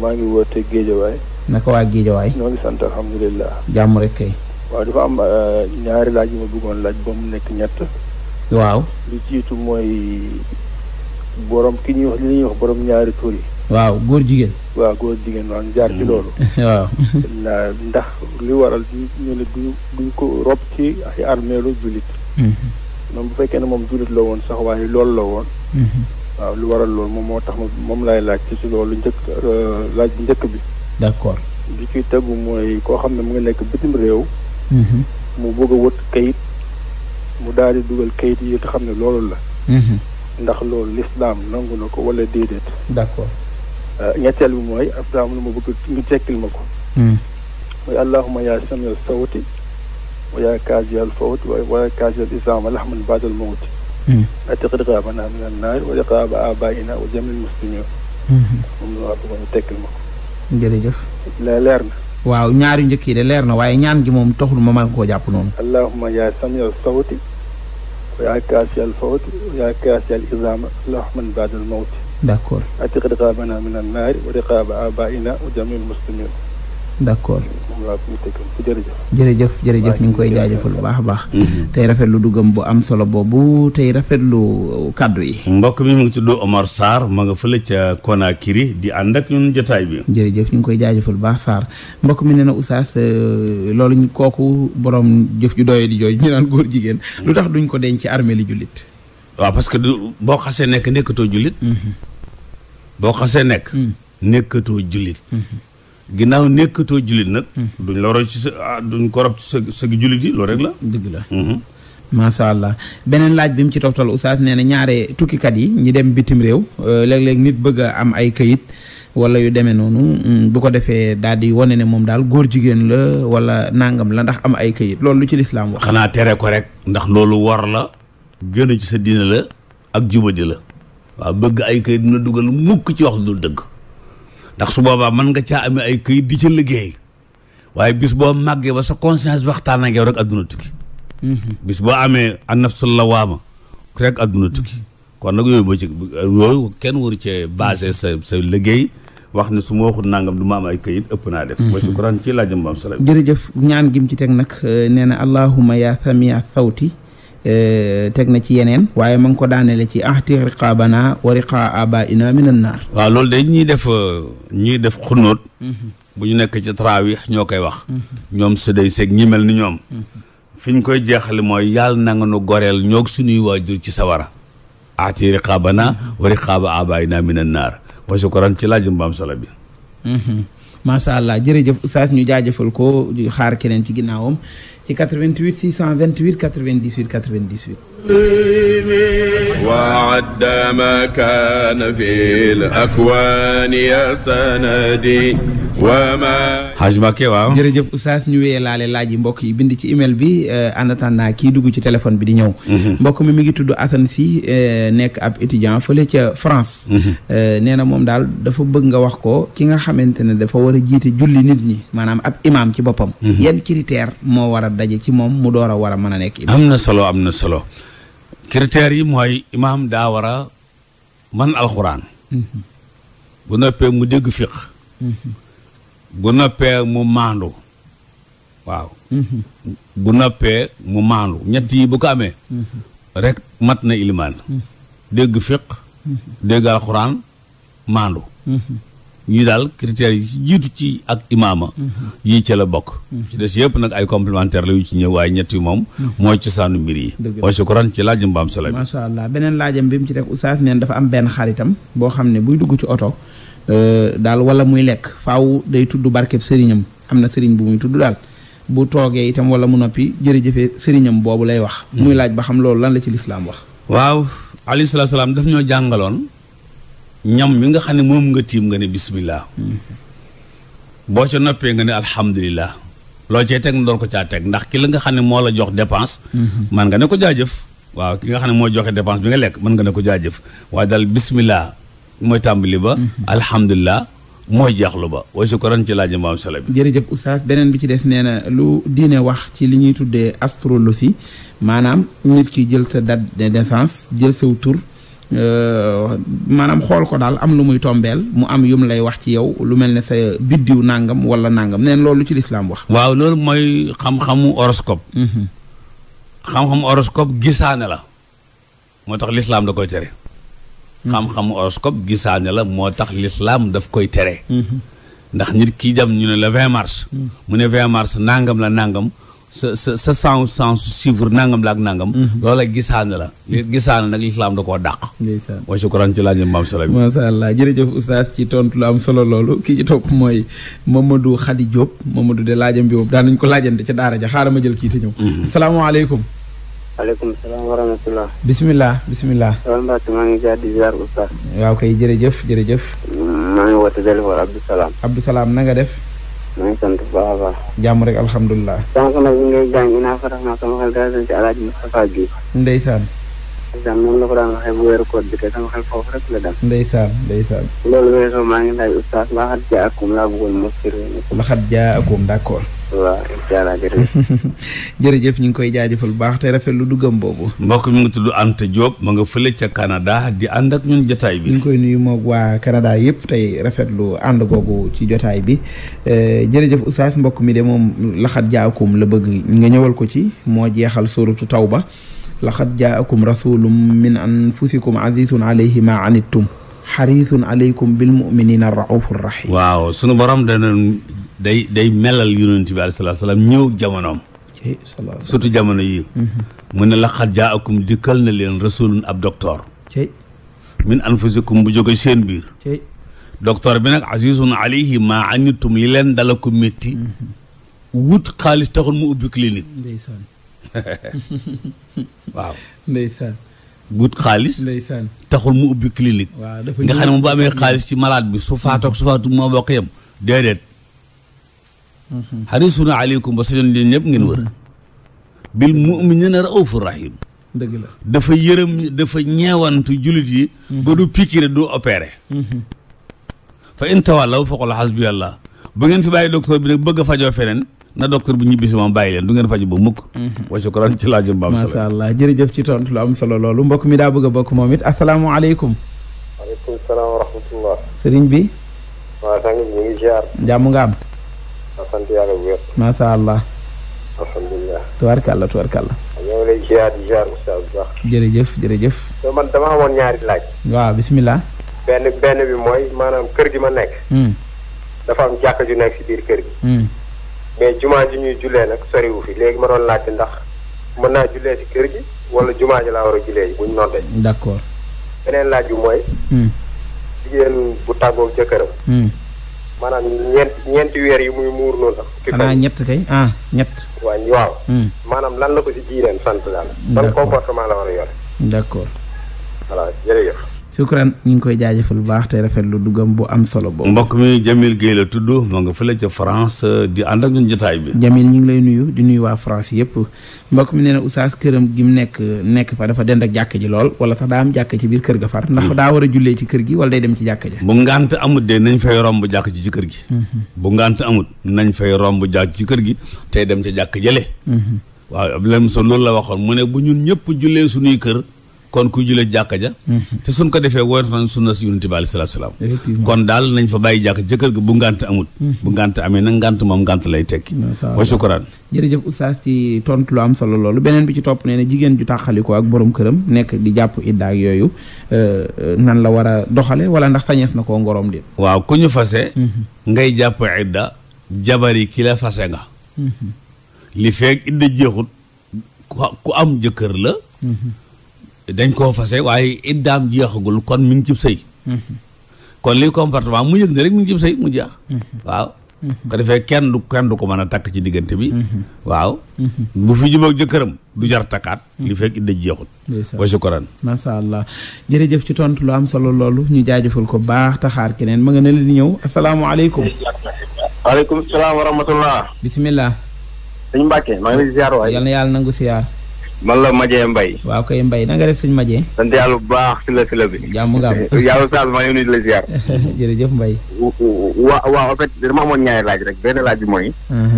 maa ngi woote Géejawaay. naka waa Géejawaay. ñoo ngi sant alhamdulilah. jàmm rek kay. waaw dafa am euh, ñaari laaj yu ma laaj ba mu nekk ñett. waaw li jiitu mooy boroom ki ñuy wax li ñuy wax borom ñaari tur yi. waaw góor jigéen. waaw góor jigéen waaw ñu jaar ci loolu. [laughs] waaw. ndax li waral ñu ne ko rob ci ay armeelu jullit. Mhm. moom bu fekkee ne moom jullit la woon sax waaye loolu la woon. Mhm. waaw lu waral loolu moom moo tax moom lay laaj ci si loolu njëkk euh, laaj bi njëkk bi. d'accord li ciy tegu mooy koo xam ne mu ngi nekk bitim réew. Mhm. mu bëgg a wët kayit. mu daal di dugal kayit yi te xam ne loolu la. Mhm. ndax loolu lislaam nangu na ko wala déedéet. d'accord euh, ñetteel bi mooy abdama lu ma bëgg ñu tekkil ma ko. Mhm. mooy allahuma yaa wa yaa kaasiyal fawti wa yaa kaasiyal isaama lahman baadal mawti. Mhm. atiq riqaabana min wa riqaaba abaa'ina wa jamil muslimin. moom la wax dëgg ñu tekkil ma ko. jërëjëf. leer na. waaw ñaari njëkk yi de leer na waaye ñaan gi moom taxul ma mën koo jàpp noonu. allahuma yaa samiya sawti. وعكاس الفوت وعكاس العظام لحما بعد الموت. d'accord. أعتق رقابنا من النار ورقاب آبائنا وجميع المسلمين. d' accord. jërëjëf jërëjëf ñu ngi koy jaajëfal bu baax a baax. Mhm. tey rafetlu duggam bu am solo boobu tey rafetlu kàddu yi. mbokk mi mu ngi tudd Omar Sarr ma nga fële ca Conakry di ànd ak ñun jotaay bi. jërëjëf ñu ngi koy jaajëfal bu baax saar mbokk mi nee na Oustaz euh, loolu kooku borom jëf ju doyee di jooju ñu naan góor jigéen lu tax duñ ko denc ci armée li jullit. waaw parce que boo xasee nekk nekkatoo jullit. Mhm. boo xasee nekk. Mhm. nekkatoo jullit. ginnaaw nekkatoo jullit nag. Hmm. duñ la ci sa ah, duñ ko rob ci sa jullit yi loolu rek la. dëgg la. Hmm. macha allah beneen laaj bi mu ci toftal oustaz nee na ñaare tukkikat yi ñi dem bitim réew euh, léeg-léeg nit bëgg a am ay kayit wala yu demee noonu hmm, bu ko defee daal di wane ne moom daal góor jigéen la wala nangam la ndax am ay kayit loolu lu ci lislaam wax. xanaa tere ko rek. ndax loolu war la. gën ci sa diine la. ak jubadi la. waaw bëgg ay kayit dina dugal mukk ci wax dëgg. ndax su boobaa mën nga caa amee ay këyit di ca liggéey waaye bis boo màggee ba sa conscience waxtaan ak yow rek adduna tukki mm-hmm. bis boo amee annafsul lawaama rek adduna tukki kon nag yooyu boo ci yooyu kenn waru cee basé sa sa liggéey wax ne su ma waxut nangam du ma am ay kayit ëpp naa def wa mm-hmm. shukran ci laajam baam salaam jërëjëf ñaan gim ci teg nag nee na allahuma yaa samia sawti Eh, teg na ci yeneen waaye ma ngi ko daanele ci ahti riqaabana wa riqaa abaina minan naar waaw loolu de ñuy def euh, ñuy def xunóot mhm. bu ñu nekk ci taraawix ñoo koy wax mhm. ñoom sëday seeg ñi mel ni ñoom mhm. fi ñu koy jeexale mooy yàlla na nu goreel ñoog suñuy waajur ci sawara ahti riqaabana wa riqaaba abaina minan naar ko shukran ci laaj mbaam solo bi macha allah jërëjëf oustaz ñu jaajëfal ko xaar keneen ci ginnaawam ci 88 628 98 98. وعد ما كان في الأكوان يا سندي xaaj Mbàkke waaw jërëjëf oustaz ñu wee laale laaj yi mbokk yi bind ci email bi euh, en attendant kii dugg ci téléphone bi di ñëw mhm. mbokk mi mu ngi tudd Assane si euh, nekk ab étudiant fële ca France mhm. euh, nee na moom daal dafa bëgg nga wax ko ki nga xamante ne dafa war a jiite julli nit ñi maanaam ab imaam ci boppam mhm. yan critère moo war a daje ci moom mu door a war a mën a nekk am na solo am na solo critères yi mooy imaam daa war a man alxuraan bu noppee mu dégg fiq bu noppee mu maandu waaw mhm. bu noppee mu maandu ñett yi bu ko amee mhm. rek mat na ilimaan mhm. dégg fiq dégg alxuraan maandu ñii daal critères yi ci jiitu ci ak imaama yi ca la bokk ci des yëpp nag ay complémentaire la yu ci ñëw waaye ñett yu moom mooy cosaanu mbir yi wa shukran ci laajam ba am solo masha allah beneen laajam bi mu ci teg oustaz neen dafa am benn xaritam boo xam ne buy dugg ci oto Euh, daal wala muy lekk faw day tudd barkeb sëriñam am na sëriñ bu muy tudd daal bu toogee itam wala mu noppi jërëjëfe sëriñam boobu lay wax hmm. muy laaj ba xam loolu lan la ci lislaam wax waaw alayhi salaam daf ñoo jàngaloon ñam mi nga xam ne moom nga tiim nga ne bismillah hmm. boo ca noppee nga ne alhamdulilah loo cee teg na doon ko caa teg ndax ki la nga xam ne moo la jox depanse man hmm. nga ne ko jaajëf waaw ki nga xam ne moo joxe dépense bi nga lekk mën nga ne ko jaajëf waaye daal bismillah mooy tàmbali ba. Mm-hmm. alhamdulilah mooy jeexlu ba. wa shukran ci laaj maam solo bi. jërëjëf oustaz beneen bi ci des nee na lu diine wax ci li ñuy tuddee astrologie maanaam nit ki jël sa date de jël sa tur. Uh, maanaam xool ko daal am lu muy tombeel mu am yum lay wax ci yow lu mel ne sa biddiw nangam wala nangam neen loolu ci lislaam wax. waaw loolu mooy xam-xamu horoscope. Mm-hmm. xam-xamu horoscope gisaane la. moo tax lislaam da koy tere. xam-xamu horoscope gisaane la moo tax lislaam daf koy tere ndax nit kii dem ñu ne la vingt mars mu ne vingt mars nangam la nangam sa sa sa sens sens suivre nangam la ak nangam loola gisaane la li gisaane nag lislaam da ko dàq wa shukran ci laaj maam solo bi masha allah jërëjëf oustaz ci tontu la am solo loolu kii ci topp mooy ma Mamadou Khady ma Mamadou de laajam bi boobu daanañ ko laajante ca daara ja xaaral ma jël kii te ñëw mm-hmm. aleykum salaam wa rahmatulah. bisimilah bisimilah. waaw Mbacke maa ngi jaar di ziar oustaz. waaw kay jërëjëf jërëjëf. maa ngi woote téléphone Abdou Salam. Abdou Salam na nga def. maa ngi sant bu baax a baax. jàmm rek alhamdulilah. sànq nag ñu ngi lay gaañ inaa fa tax naa sama xel dara ci Alaaji Moustapha Diouf. ndeysaan. ndeysaan moom la ko daan waxee bu weeru koor bi te sama xel foofu rek la dem ndeysaan ndeysaan loolu weesoo maa ngi laaj oustaz laxat jaa akum laa bëggoon mo firé laxat jaa akum d'accord waaw incha allah jërëjëf [laughs] jërëjëf ñu ngi koy jaajëfal bu baax te rafet lu duggam boobu mbokk mi nga tudd Anta Diop ma nga fële ca Canada di ànd ak ñun jotaay bi ñu ngi koy nuyu moog waa Canada yëpp tey rafetlu ànd googu ci jotaay bi eh, jërëjëf oustaz mbokk mi de moom laxat jaakum la bëgg nga ñëwal ko ci moo jeexal suuratu Tawba laqad jaakum rasulum min anfusikum azizun alayhi ma anittum xarisun alaykum bil muminina raufu rahim waaw sunu borom dana day day melal yonent bi alayhi salaatu salaam ñëw jamonoom surtout jamono yi mhm. mu ne laqad jaakum dikkal na leen rasulun ab docteur min anfusikum bu jóge seen biir docteur bi nag azizun alayhi ma anittum li leen dala ko métti mhm. wut xaalis taxul mu ubbi clinique [laughs] waaw. ndeysaan. wut xaalis. taxul mu ubbi clinique. nga xam ne moom bu amee xaalis ci malaat bi su faatoog su faatu moo bokk yam déedéet. xarisuna mhm. aleykum ba sañoon leen ñëpp ngeen wër. bil muminina raofu rahim. dëgg la dafa yërëm dafa ñeewantu jullit yi. Mhm. ba du piqûre du opéré. Mhm. fa in tawallaw faqul xasbi yàlla bu ngeen fi bàyyi docteur bi nag bëgg fajoo feneen. na docteur bu ñibbisi moom bàyyi leen du ngeen faju ba mukk mhm. wa shukran ci laajum ba am solo masha jërëjëf ci tontu lu solo loolu mbokk mi daa bëgg a bokk moom it asalaamaaleykum aleykum salaam wa rahmatullah bi waaw sang ngi ziar jàmm nga am yàlla bu wér masha allah alhamdulilah tubaarkàlla tubaarkàlla jërëjëf jërëjëf so man dama amoon ñaari laaj waaw bismillah bi mooy maanaam kër gi ma nekk hmm. dafa am jàkka ju nekk si biir kër gi hmm. mais jumaa ji ñuy jullee nag soriwu fi léegi ma doon laajte ndax mën naa jullee ci kër gi wala jumaa ji laa war a jullee ji bu ñu noddee. d'accord beneen laaj bi mooy. Hmm. jigéen bu tàggoog ca këram. Hmm. maanaam ñeent ñeenti weer yi muy muur noonu sax. xanaa ñett kay ah ñett. waaw waaw. Hmm. maanaam lan la ko ci diineen sant daal. ban comportement la war a yore. d'accord. voilà jërëjëf. sukran ñu ngi koy jaajëfal bu baax te rafet lu duggam bu am solo boobu. mbokk mi Jamil Guèye la tudd moo nga fële ca France euh, di ànd ak jotaay bi. Jamil ñu ngi lay nuyu di nuyu waa France yëpp mbokk mi nee këram gi mu nekk nekk fa dafa dend jàkk ji lool wala sax daa am jàkk ci biir kër far. ndax hmm. daa war a jullee ci kër gi wala day dem ci jàkk ji. bu ngant amut de nañ fay romb jàkk ji ci kër gi. Hmm. bu ngant amut nañ fay romb jàkk ci kër gi tey dem ca jàkk jële. Hmm. waaw Abdoulaye Moussa loolu la waxoon mu ne bu ñun ñëpp jullee suñuy kër kon ku jule jàkka ja mhm. te suñ ko defee woyof nañ sunna si yonent bi aleyhi salaatu salaam kon daal nañ fa bàyyi jàkk jëkkër ga bu ngànt amul mhm. bu ngànt amee nag ngànt moom ngànt lay tekki wa sukkuraan jërëjëf oustaz ci tontu lu am solo loolu beneen bi ci topp nee na jigéen ju tàqalikoo ak boroom këram nekk di jàpp iddaak yooyu euh, nan la war a doxale wala ndax sañees na koo ngoroom déet waaw ku ñu fase mhm. ngay jàpp idda jabari la fase nga li feeg idda jeexut ku am jëkkër la dañ koo fase waaye iddaam jeexagul kon mi ngi cib sëy kon lii comportement mu yëg ne rek mi ngi mu jeex waaw ko defee kenn du kenn du ko mën a takk ci diggante bi waaw bu fi jubóog jëkkëram du jar takkaat li fekk idda jeexul wa shukran masha allah jërëjëf ci tontu lu am solo loolu ñu jaajëfal ko baax taxaar keneen ma nga ne la di ñëw asalaamaaleykum waaleykum salaam wa rahmatullah bisimilah sëñ Mbàkke maa ngi lay ziar waay yal na yàlla nangu siyaar man la Majee Mbay waaw koy Mbay na nga def sëñ Majee sant yàlla bu baax si la si la bi jàmm nga am [laughs] yàlla sall maa ngi nuyu la ziar [laughs] jërëjëf Mbay waa ñaari laaj rek benn laaj bi mooy uh-huh.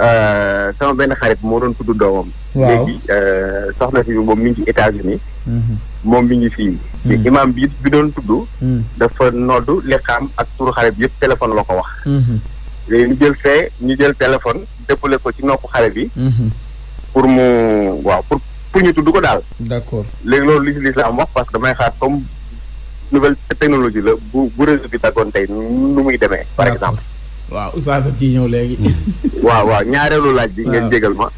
euh, sama benn xarit moo doon tudd doomam léegi euh, soxna si bi moom mi ngi ci États-Unis uh-huh. moom mi ngi fii uh-huh. imaam bi bi doon tudd dafa nodd liqaam ak turu xarit bi yëpp téléphone la ko wax léegi ñu jël fee ñu jël téléphone dëppale ko ci nopp xarit bi pour mu waaw pour pour ñu tudd ko daal. d'accord léegi loolu li ci am wax parce que damay xaar comme nouvelle technologie la bu bu réseau bi tàggoon tey nu muy demee. par exemple. waaw oustaz ci ñëw léegi. Hmm. waaw waaw ñaareelu laaj bi. ngeen jégal ma.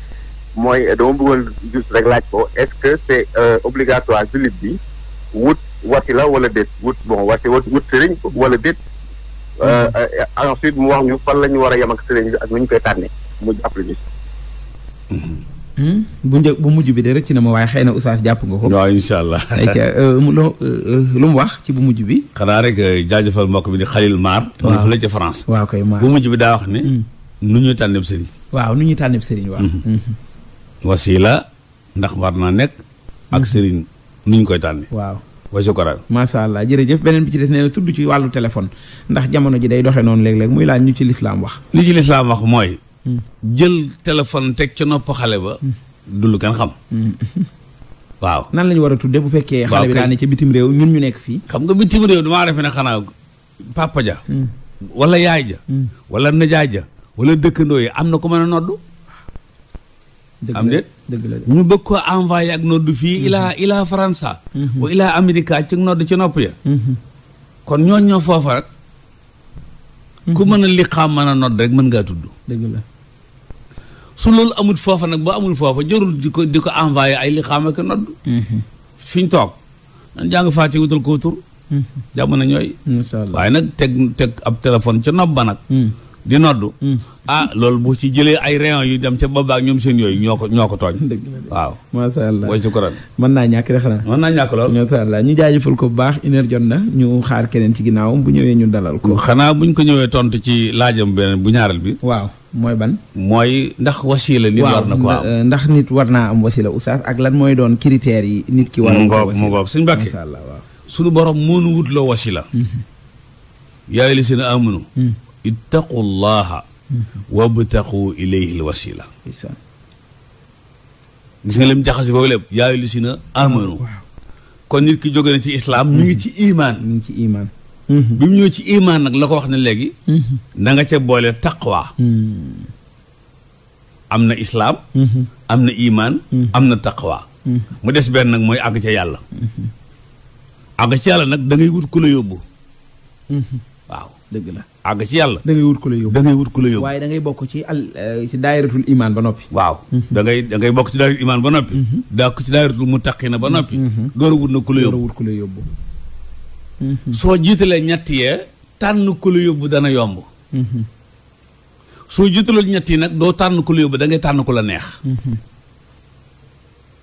mooy dama bëggoon juste rek laaj ko est-ce que c'est euh, obligatoire jullit bi wut wati la wala déet wut bon wati wut sëriñ wala déet. Hmm. Euh, euh, ensuite mu wax ñu fan la ñu war a yem ak sëriñ bi ak nu ñu koy tànnee mu jàppale ñu. Hmm? bu njëkk bu mujj bi de rëcc na ma waaye xëy na oustaz jàpp nga ko. waaw incha allah. [laughs] Euh, euh, euh, lu mu wax ci bu mujj bi. xanaa rek al mbokk bi di Khalil Mar. waaw dafa la ca France. waaw kay Mar bu mujj bi daa wax ne. Hmm. nu ñuy tànneeb sëriñ. waaw nu ñuy tànneeb sëriñ waaw. Hmm. wasila ndax war naa nekk. ak sëriñ nu ñu koy tànnee. waaw. wa shukran macha allah jërëjëf beneen bi ci des nee na tudd ci wàllu téléphone ndax jamono ji day doxee noonu léeg-léeg muy laaj ñu ci lislaam wax. li ci lislaam wax mooy. jël téléphone teg ca nopp xale ba. du lu kenn xam. waaw nan la ñu war a tuddee bu fekkee. xale bi ca bitim réew ñun ñu nekk fii. xam nga bitim réew damaa defe ne xanaa papa ja. Hmm. wala yaay ja. Hmm. wala najaay ja. wala dëkkandoo yi am na ku mën a nodd am déet ñu bëgg koo envoyé ak noddu fii hmm. ilaa ilaa France. wa ilaa Amérique ci noddu ca nopp ya. kon ñooñ foofa rek. ku mën a xam mën a nodd rek mën ngaa tudd. dëgg su loolu amul foofa nag boo amul foofa jarul di ko di ko envoyé ay li xaam ak nodd mhm. fi ñu toog nan jàng fàtte wutal koo tur mhm. jàmm na ñooy waaye nag teg teg ab téléphone ca nopp ba nag mhm. di noddu. Hmm. a ah, loolu bu ci jëlee ay rayon yu dem ca boobaa ak ñoom seen yooyu ñoo ko ñoo ko tooñ. dëgg la waaw. macha allah mooy mën naa ñàkk de xanaa. mën naa ñàkk lool. macha allah ñu jaajëfal ko bu baax une heure jot na ñu xaar keneen ci ginnaawam bu ñëwee ñu dalal ko. xanaa buñ ko ñëwee tontu ci laajam beneen bu ñaaral bi. waaw mooy ban. mooy ndax wasila. nit war na ko eh, ndax nit war naa am wasila oustaz ak lan mooy doon critères yi nit ki. war na ko wasila mu ngoog suñ bàkkee. macha allah waaw suñu borom mënu wutloo wasila. Mhm. yaay li seen amunu hmm. ittaqullaha wabtaqu ilayhi alwasila gis nga lim jaxasi boobu lépp yaayu li na amanu kon nit ki jóge na ci islaam mu ngi ci imaan ci imaan mm-hmm. bi mu ñëw ci imaan nag la ko wax ne léegi da mm-hmm. nga ca boole taqwa mm-hmm. am na islaam am na imaan am na taqwa mu des benn nag mooy àgg ca yàlla àgg ca yàlla nag da ngay wut ku la yóbbu waaw dëgg la àgg ci yàlla. da ngay wut ku la yóbbu waaye dangay ngay bokk ci al eh, ci daayiratul imaan ba noppi. waaw mhm. da da ngay bokk ci daayiratul imaan ba noppi. daa mhm. ko ci daayiratul muttaqina ba noppi. Mhm. door a wut na ku la yóbbu door soo jiitalee ñett yee tànn ku dana yomb. soo jiitalul ñett yi nag doo tànn ku la yóbbu da ngay tànn ku la neex.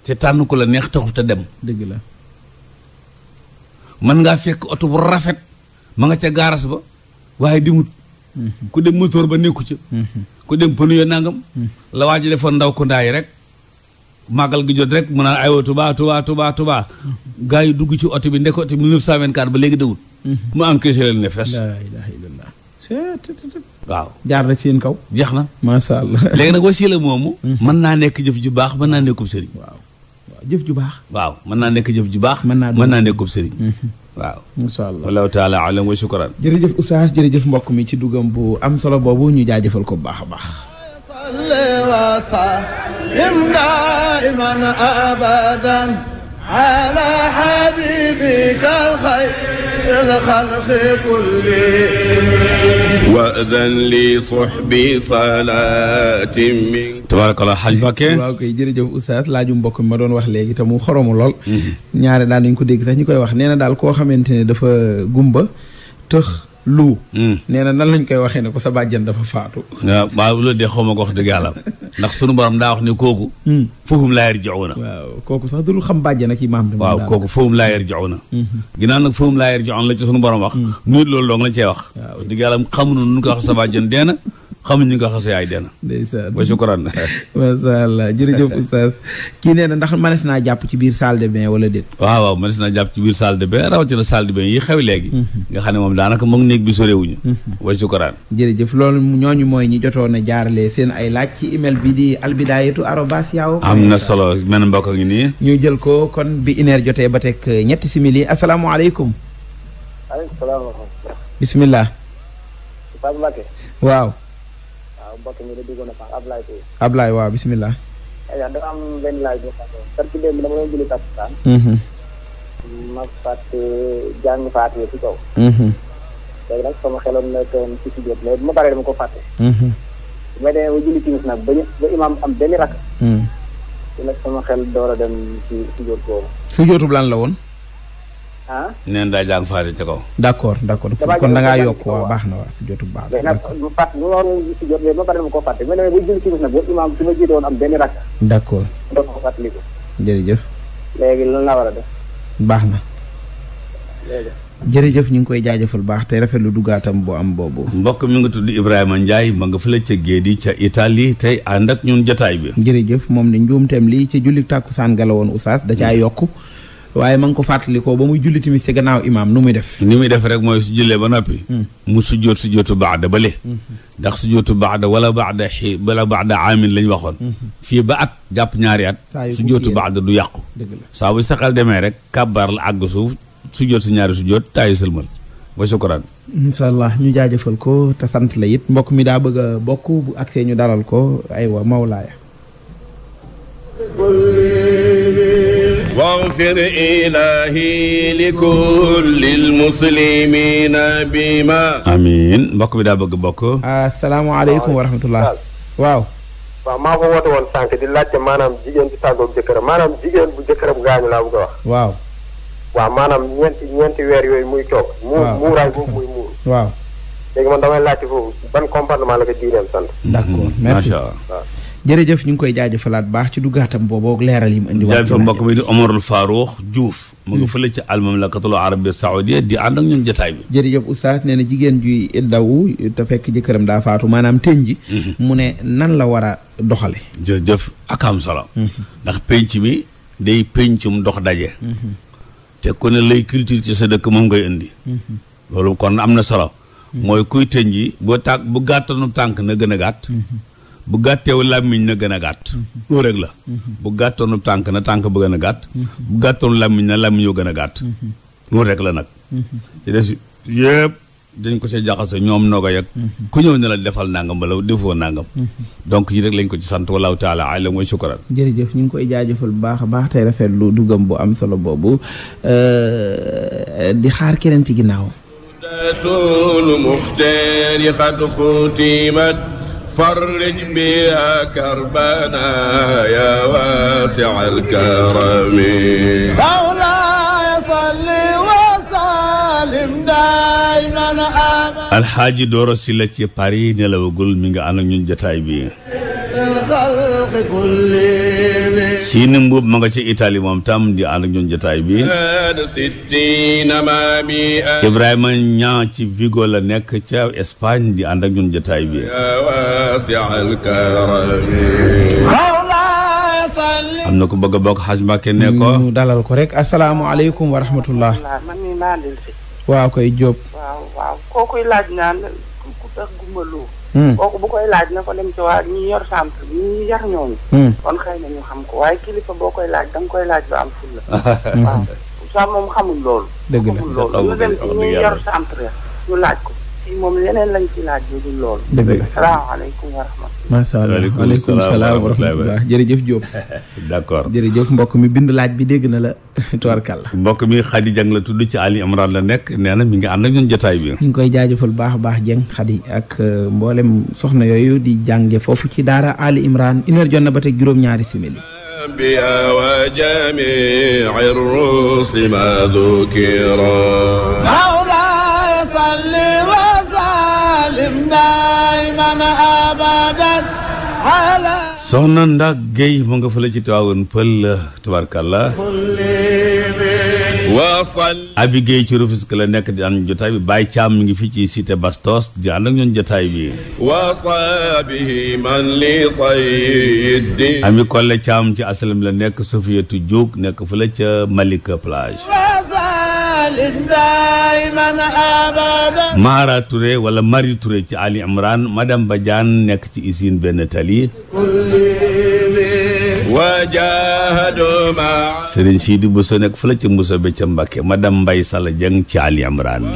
te tànn ku la neex taxut a dem. dëgg la. mën ngaa fekk oto bu rafet ma nga ca gaaras ba. waaye dimut mhm. ku dem moteur ba nekku ci mhm. ku dem pënu yo nangam mhm. la waa ji defoon ndaw ku yi rek màggal gi jot rek mu naan ay Touba Touba tubaa tubaa gars yi dugg ci oto bi ndek oto 1924 ba léegi dëwut mu encaissé leen ne fes waaw jaar na ci yéen kaw jeex na macha allah léegi nag wasiila moomu mën naa nekk jëf ju baax mën naa nekkub sëriñ waaw jëf ju baax waaw mën naa nekk jëf ju baax mën naa nekkub sëriñ waaw incha allah wallahu taala alam wa shukran jërëjëf oustaz jërëjëf mbokk mi ci dugam bu am solo boobu ñu jaajëfal ko bu baax a baax وسلم دائما ابدا على حبيبك الخير الخلق كلهم واذن لصحبي صلاه من tabaarakalla xaj Bakke waaw kay jërëjëf oustaz laaju mbokk mi ma doon wax léegi te mu xoromu lool mm-hmm. ñaare daal dañ ko dégg sax ñu koy wax nee daal koo xamante ne dafa gumba tëx mm. na nan lañ koy waxee ne ko sa bàjjen dafa faatu waaw waaw loolu xaw ma ko wax dëgg yàlla [laughs] ndax sunu borom daa ne kooku mm. foofu laa yarji'uuna waaw kooku sax dul xam bàjjen ak imaam di waaw kooku foofu laa yarji'uuna mm-hmm. ginnaaw nag foofu laa yarji'uuna la ci sunu borom wax mm. nit loolu doonga lañ cey wax waaw dëgg yàlla xamuñu nu ko wax sa bàjjen dee na xamuñ ni nga xasee ay dena ndeysaan wa sukran [laughs] jërëjëf kii nee na ndax mënees naa jàpp ci biir salle de bain wala déet waaw waaw mënees naa jàpp ci biir salle de bain rawatina salle de bain yi xew léegi mhm. nga xam ne moom daanaka moom néeg bi sorewuñu mhm. wa sukran jërëjëf loolu ñooñu mooy ñi jotoon jaarale seen ay laaj ci email bi di albidaayatu arobas yaaw am na solo men mbokk ngi nii ñu jël ko kon bi ineer jotee ba teg ñetti simili asalaamaaleykum aleykum mbokk mi la duggoon a faax Ablaye Touré. Ablaye waaw bisimilah. aywa eh, dafa am benn laaj boo xam ne kër gi démb dama doon julli takkusaan. Mm-hmm. ma fàtte jàng faatee ci kaw. Mm-hmm. ma paree dama ko fàtte. Mm-hmm. ma demee ba julli timis nag ba ñu am benn rakk. ci mm. sama xel door a dem ci si boobu. su jotub lan la woon. ah. neen daa jàng faari d' accord d' accord kon da ngaa yokk na waaw si baax na. d' accord bu fàtt bu waroon si jot ba pare d' accord ko fàttaliku. jërëjëf. lan baax na. jërëjëf ñu ngi koy jaajëfal baax te rafet lu duggaatam bu am boobu. mbokk mi nga tudd Ibrahima Ndiaye ma nga fële ca Géedi ca Italie tey ànd ak ñun jotaay bi. jërëjëf moom ne njuumteem lii ci julli tàkkusaan ga la woon Oustaz da caa yokk waaye ma ko fàttalikoo ba muy julli timis ci gannaaw imaam nu muy def ni muy def rek mooy su jullee ba noppi hmm. mu sujjóot sujjóotu baada ba le hmm. ndax sujjóotu baada wala baada xi wala baada aamin lañ waxoon hmm. fii ba at jàpp ñaari at sujjóotu baada du yàqu saa bu saxal demee rek kàbbaar la àgg suuf sujjóot si ñaari sujjóot taayi sëlmal ba sukkuraan incha allah ñu jaajëfal ko te sant la it mbokk mi daa bëgg a bokk bu agsee ñu dalal ko aywa mawlaaya واغفر إلهي لكل المسلمين بما amiin mbokk bi daa bëgg bokk asalaamaaleykum wa rahmatullah waaw waaw maa ko woote woon sànq di laajte maanaam jigéen bu tàggoog jëkkëram maanaam jigéen bu jëkkëram gaañu laa bëgg a wax waaw waaw maanaam ñeenti ñeenti weer yooyu muy toog mu muuraay boobu muy muur waaw léegi man damay laajte foofu ban comportement la ko diineem sant d'accord merci waaw jërëjëf ñu ngi koy jaajëfalaat baax ci duggaatam boobu booboo leeral yi mu indi waat jaajëfal mbokk mi di Omarul Farouk Diouf mu ngi hmm. fële ci almamlakatul arabia saoudia di ànd ak ñun jotaay bi jërëjëf oustaz nee na jigéen juy iddawu te fekk jëkkëram daa faatu maanaam tëñ ji hmm. mu ne nan la war a doxale jërëjëf ak am solo hmm. ndax penc mi day pencum dox daje te ku ne lay culture ci sa dëkk moom ngay indi loolu kon am na solo mooy kuy tëñ ji bu tànk bu gàttanu tànk na gën a gàtt bu gàtteew làmmiñ na gën a gàtt loolu rek la bu gàttoonu tànk na tànk ba gën a gàtt bu gàttoonu làmmiñ na làmmiñ yoo gën a gàtt loolu rek la nag ci des yëpp dañ ko see jaxase ñoom nogo yag ku ñëw ne la defal nangam bala defoo nangam donc yi rek lañ ko ci sant wallahu taala alam wa shukran jërëjëf ñu ngi koy jaajëfal bu baax baax tey rafet lu duggam bu am solo boobu di xaar keneen ci ginnaaw فرج بها كربنا يا واسع الكرم مولاي صل وسلم دائما ابدا الحاج Doro Sylla ci Paris nelawagul mi nga ànd ak ñun jotaay bi siini mbuub ma nga ci Italie moom tam di ànd ak ñun jotaay bi Ibrahima ñaa ci Vigo la nekk ca Espagne di ànd ak ñun jotaay bi am na ko bëgg a bokk xaj Mbàkke ne ko ñu dalal ko rek asalaamaaleykum wa rahmatullah waaw koy Jóob waaw waaw kookuy laaj naan ku tax guma loo Hmm. kooku bu koy laaj na ko dem ci waa ñi yor centre bi ñi yar ñooñu. Hmm. kon xëy na ñu xam ko waaye kilifa boo koy laaj danga koy laaj ba am fulla. [laughs] waaw sa moom xamul loolu. dëgg la xamul loolu ñu dem ci ñi ñu laaj ko. fii moom jërëjëf Diop. [laughs] jërëjëf mbokk mi bind laaj bi dégg na la [laughs] tuwarkal la. mbokk mi Khady Dieng la tudd ci Ali Imran la nekk nee na mi ngi am ak ñun jotaay bi. ñu ngi koy jaajëfal baax a baax Dieng Khady ak euh, mboolem soxna yooyu di jànge foofu ci daara Ali Imran une jot na ba tey juróom-ñaari simili. الأنبياء وجميع الرسل ما ذكرا soxna Ndak Guèye mu nga fële ci Tiwaawoon Pël tubarkalla abi Guèye ci Rufisque la nekk di ànd jotaay bi Baye Thiam mi ngi fi ci cité Bastos di ànd ak ñoom jotaay bi ami Kolle Thiam ci asalam la nekk Sofiyatu Diouk nekk fële ca Malika plage Mara Touré wala Marie Touré ci Ali Imran madame Badiane nekk ci usine benn tali Serigne Sidi Bousso nekk fële ca Moussa ba ca Mbacké madame Sala Dieng ci Ali Imran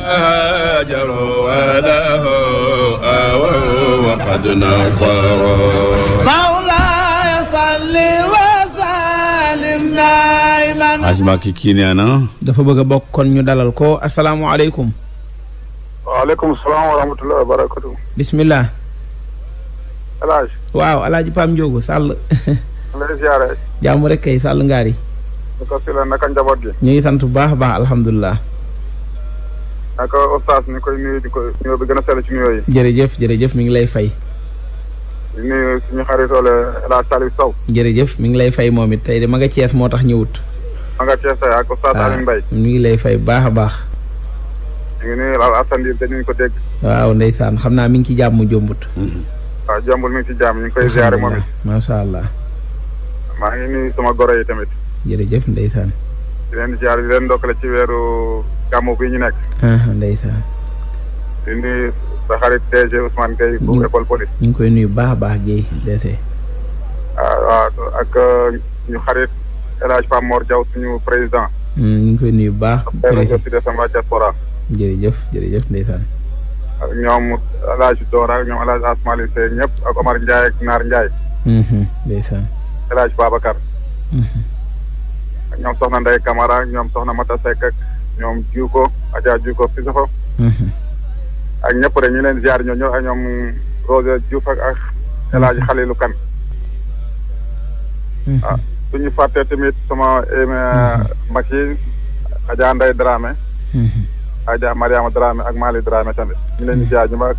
Asmaki kii dafa bëgg a bokk kon ñu dalal ko asalaamualeykum. waaleykum salaam wa rahmatulah wa barakatu. Pam Ndiogo Sall. lay ziare. jàmm rek ñu ngi sant bu baax a baax alhamdulilah. naka di ko jërëjëf jërëjëf mi ngi lay fay. di nuyu suñu xaritoole El Hadj ngi lay fay moom it tey de ma nga Cees moo tax ñëwut. ma nga Thiès ah, ngi lay fay baax a baax. ñu ngi nuyu al Assane ko dégg. waaw ndeysaan xam naa mi ngi ci jàmm jombut. Mm-hmm. waaw jombul mi ci jàmm ñu ngi koy ziare moom allah. maa ngi nuyu sama goro yi tamit. jërëjëf ndeysaan. di leen ziare di ndok ndokkale ci weeru gàmmu bi ñu nekk. Ah, ndeysaan. di nuyu sa xarit DG Ousmane Gueye bu école police. koy nuyu baax baax Gueye DG. Ah, waaw ak euh, ñu xarit. El Hadj Pape Mor Diaw suñu président. Mm, ñu koy nuyu bu baax. président de Samba Diaspora. jërëjëf jërëjëf ndeysaan. ñoom El Hadj Dora ñoom El Hadj Asmali Seye ñëpp ak Naar Ndiaye. Mhm, ndeysaan. El Hadj Babacar. Mhm. ñoom Soxna Ndeye Camara ak ñoom Soxna Mata Seck ak ñoom Dioufo Adja Dioufo Fisofo. Mhm. ak ñëpp rek ñu leen ziar ñoo ñëw ak ñoom Rose Diouf ak El Hadj suñu fàttee tamit sama eh, mag yi Adja Ndeye Dramé mm-hmm. Adja Mariama Dramé ak Mali Dramé tamit ñu leen di jaay ñu ma ak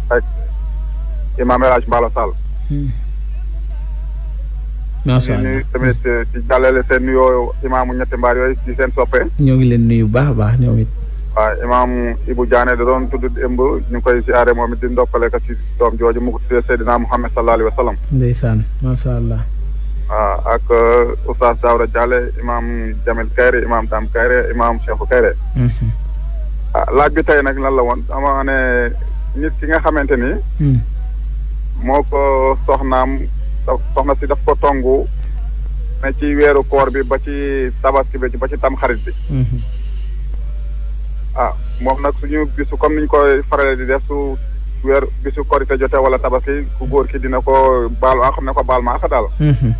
Imam El Hadj Mballo Sall mm-hmm. allah ñu tamit eh, di jàllale seen nuyoo imaamu ñetti mbaar yooyu ci seen soppe ngi leen nuyu baax a baax ñoom it. waaw imaam Ibou Diané da tudd démb ñu koy siyaare moom it di ndokkale ko ci doom jooju mu ko tuddee allah. Ah, ak uh, oustaz Daouda Diallo imaam Jamil Kayre imaam Dame Kayre imaam Cheikhou Kayre. Mhm. ah laaj bi tey nag lan la woon dama ne nit ki nga xamante ni. Hmm. moo ko soxnaam soxna si daf ko tongu ne ci weeru koor bi ba ci tabaski bi ba ci tamxarit bi. Hmm. ah moom nag suñu bisu comme niñ koy farale di def su weer bisu korite jote wala tabaski ku góor ki dina ko baalu ah, xam ne ko baal maa daal. Hmm.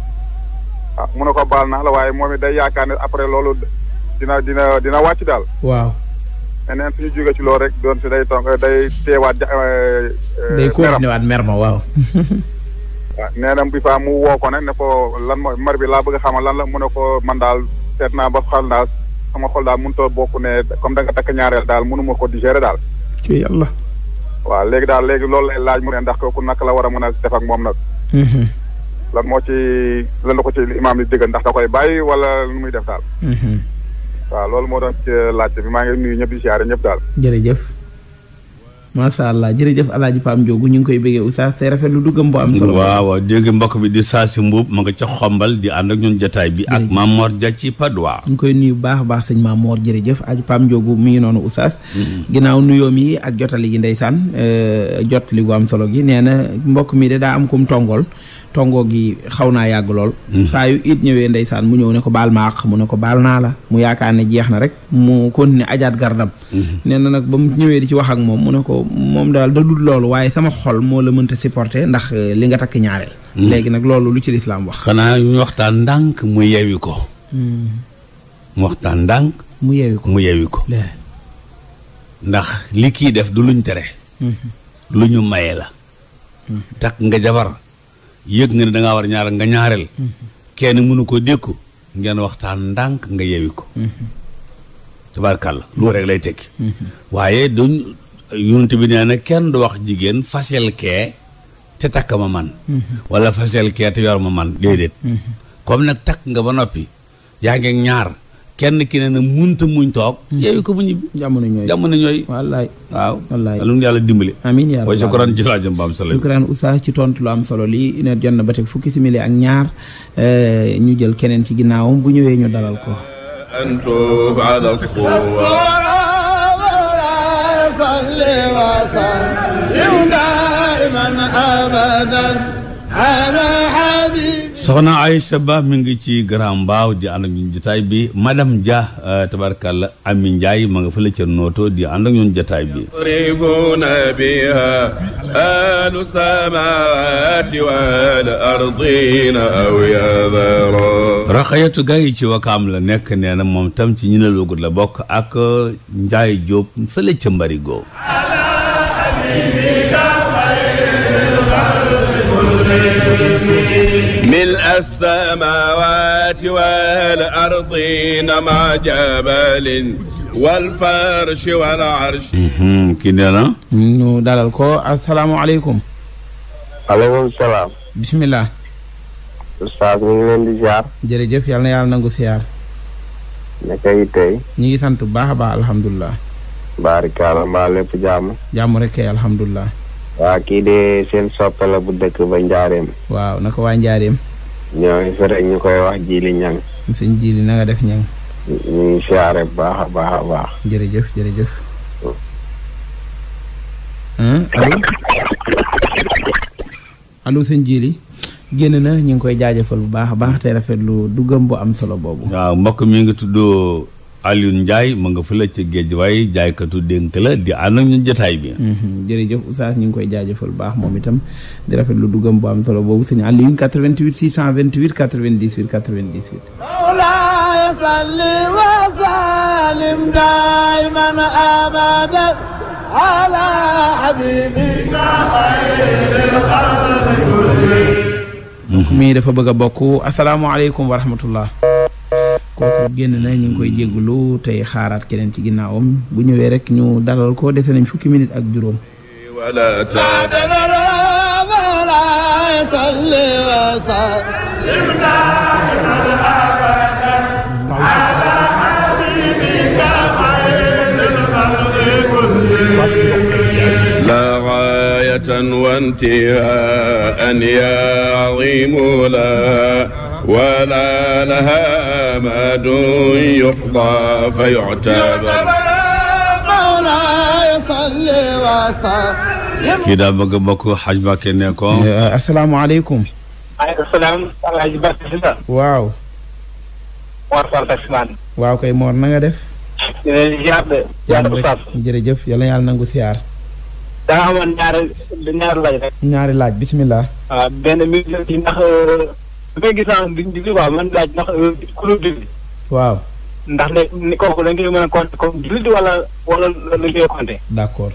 ah mu ne ko baal naa la waaye moom it day yaakaar ne après loolu dina dina dina wàcc daal. waaw. mais neen suñu jógee ci rek doon si day toog day teewaat. Eh, eh, day continué ma waaw. [laughs] waaw nee na bi faa mu woo ko nag ne ko lan mooy mar bi laa bëgg a xamal lan la mun ne ko man daal seet naa ba xam daal sama xol daal mënut a bokk ne comme da nga takk ñaareel daal mënu ma ko digérer daal. ci yàlla. waaw léegi daal léegi loolu lay laaj mu ne ndax ko ku naka la war a mën a def ak moom nag. Mhm. lan moo ci lan la ko ci imaam li déggal ndax da koy bàyyi wala lu muy def daal. Mhm. waaw loolu moo doon laajte bi maa ngi ñëpp di siyaare ñëpp daal. jërëjëf macha allah jërëjëf El Pam Ndiogou ñu ngi koy bëggee oustaz te rafet lu duggam bu am solo. waaw waaw dégg mbokk bi di saa si mbuub ma nga ca xombal di ànd ak ñun jotaay bi. ak Mamor Dia ci Padoa. ñu ngi koy nuyu baax a baax sëñ Mamor jërëjëf Hadj paam Ndiogou mi ngi noonu oustaz. Mhm. ginnaaw nuyoom yi ak jotali gi ndeysaan eh, jotli gu am solo gi nee na mbokk mi de daa am kum tongool tongo gi xaw naa yàgg lool. Hmm. saa yu it ñëwee ndeysaan mu ñëw ne ko baal ma mu ne ko baal naa la mu yaakaar ne jeex na rek mu ne ajaat gardam. Hmm. nee na nag ba mu ñëwee di ci wax ak moom mu ne ko moom daal da loolu waaye sama xol moo la mënta supporter ndax eh, li nga takk ñaareel. Hmm. léegi nag loolu lu ci lislaam wax. xanaa ñu waxtaan ndànk mu yewi ko. mu waxtaan ndànk. mu yewi ko mu ndax li kii def du luñ tere. lu ñu mayee la. takk nga jabar. yëg nga ne da ngaa war a ñaar nga ñaareel. Mm-hmm. kenn mënu ko dékku ngeen waxtaan ndànk nga yewi ko. Mm-hmm. la loolu rek lay tekki. Mm-hmm. waaye duñ yonent bi nee na kenn du wax jigéen fasel kee te takk ma man. wala fasel kee te yor ma man déedéet. comme nag takk nga ba noppi yaa ngi ñaar. kenn ki ne na munta muñ toog hmm. yeewi ko mu ñibbi jamono ñooy jamono ñooy wallaay waaw wallaay lu nu yàlla dimbali amiin yaa rabbi sukran ci laajam ba am solo sukran oustaz ci tontu lu am solo lii ne jot na ba teg fukki simili ak ñaar eh, ñu jël keneen ci ginnaawam bu ñëwee ñu dalal ko أنتم على الصورة صلي وسلم دائما أبدا على soxna Aïssa Ba mi ngi ci Grand Mbaaw di ànd ak ñun jotaay bi madame Dia euh, tabarkalla Ami Ndiaye ma nga fële ca nooto di ànd ak ñun jotaay bi yaqribuna biha ahlu wal ardina aw yadhara raxayatu gaa ci wakaam la nekk nee na moom tam ci ñi la lugul bokk ak njaay Diop fële ca Mbarigo السماوات والأرض مع جبل والفرش والعرش mhm, kii nee na ñu dalal ko asalaamaaleykum aleykum salaam bisimilah oustaz ñu ngi leen di ziar jërëjëf yàlla na yàlla nangu siyaar naka yi tey ñu ngi sant bu baax a baax alhamdulilah baarikaala mbaa lépp jàmm jàmm rek kay alhamdulilah waa kii de seen soppe la bu dëkk ba njaareem waaw naka waa njaareem ñoo ngi rek ñu koy wax Jili Ñang. sëñ Jili na nga def ñaŋ ñu bu baax a baax a baax. jërëjëf jërëjëf. Oh. allo allo sëñ Jili. génn na ñu ngi koy jaajëfal bu baax a baax te rafetlu duggam bu am solo boobu. waaw mbokk mi nga tudd Alioune njaay ma nga fële ca géej waaye jaaykatu dénk la di ànd ak ñun jotaay bi. Mhm. jërëjëf Oustaz ñu ngi koy jaajëfal baax moom itam di rafet lu duggam bu am solo boobu sëñ Alioune 88 628 98 98. mawlaaya salli wa sallim dayman abadan ala habibina xayril xalqi kulli. mii dafa bëgg a bokk asalaamaaleykum wa rahmatullah. kooku génn na ñu ngi koy jégalu tey xaaraat keneen ci ginnaawam bu ñëwee rek ñu dalal ko defe nañ fukki minute ak juróom. لا غاية وانتهاء يا عظيم لا ولا لها ماد يقضى فيعتبر kii daal bëgg bokk xaj Mbàkke ne ko asalaamaaleykum aleykum salaam alhaji Mbàkke si la waaw Mor Fall Taximan waaw kay Mor na nga def jërëjëf yàlla yàlla nangu siyaar daa amoon ñaari ñaari laaj rek ñaari laaj bisimilah waaw ah, benn mi ndax dafay gis naa di di man laaj ndax euh, ku dul julli. waaw ndax de ni kooku dañ mën a compter comme jullit wala wala lañ koy compter. d'accord.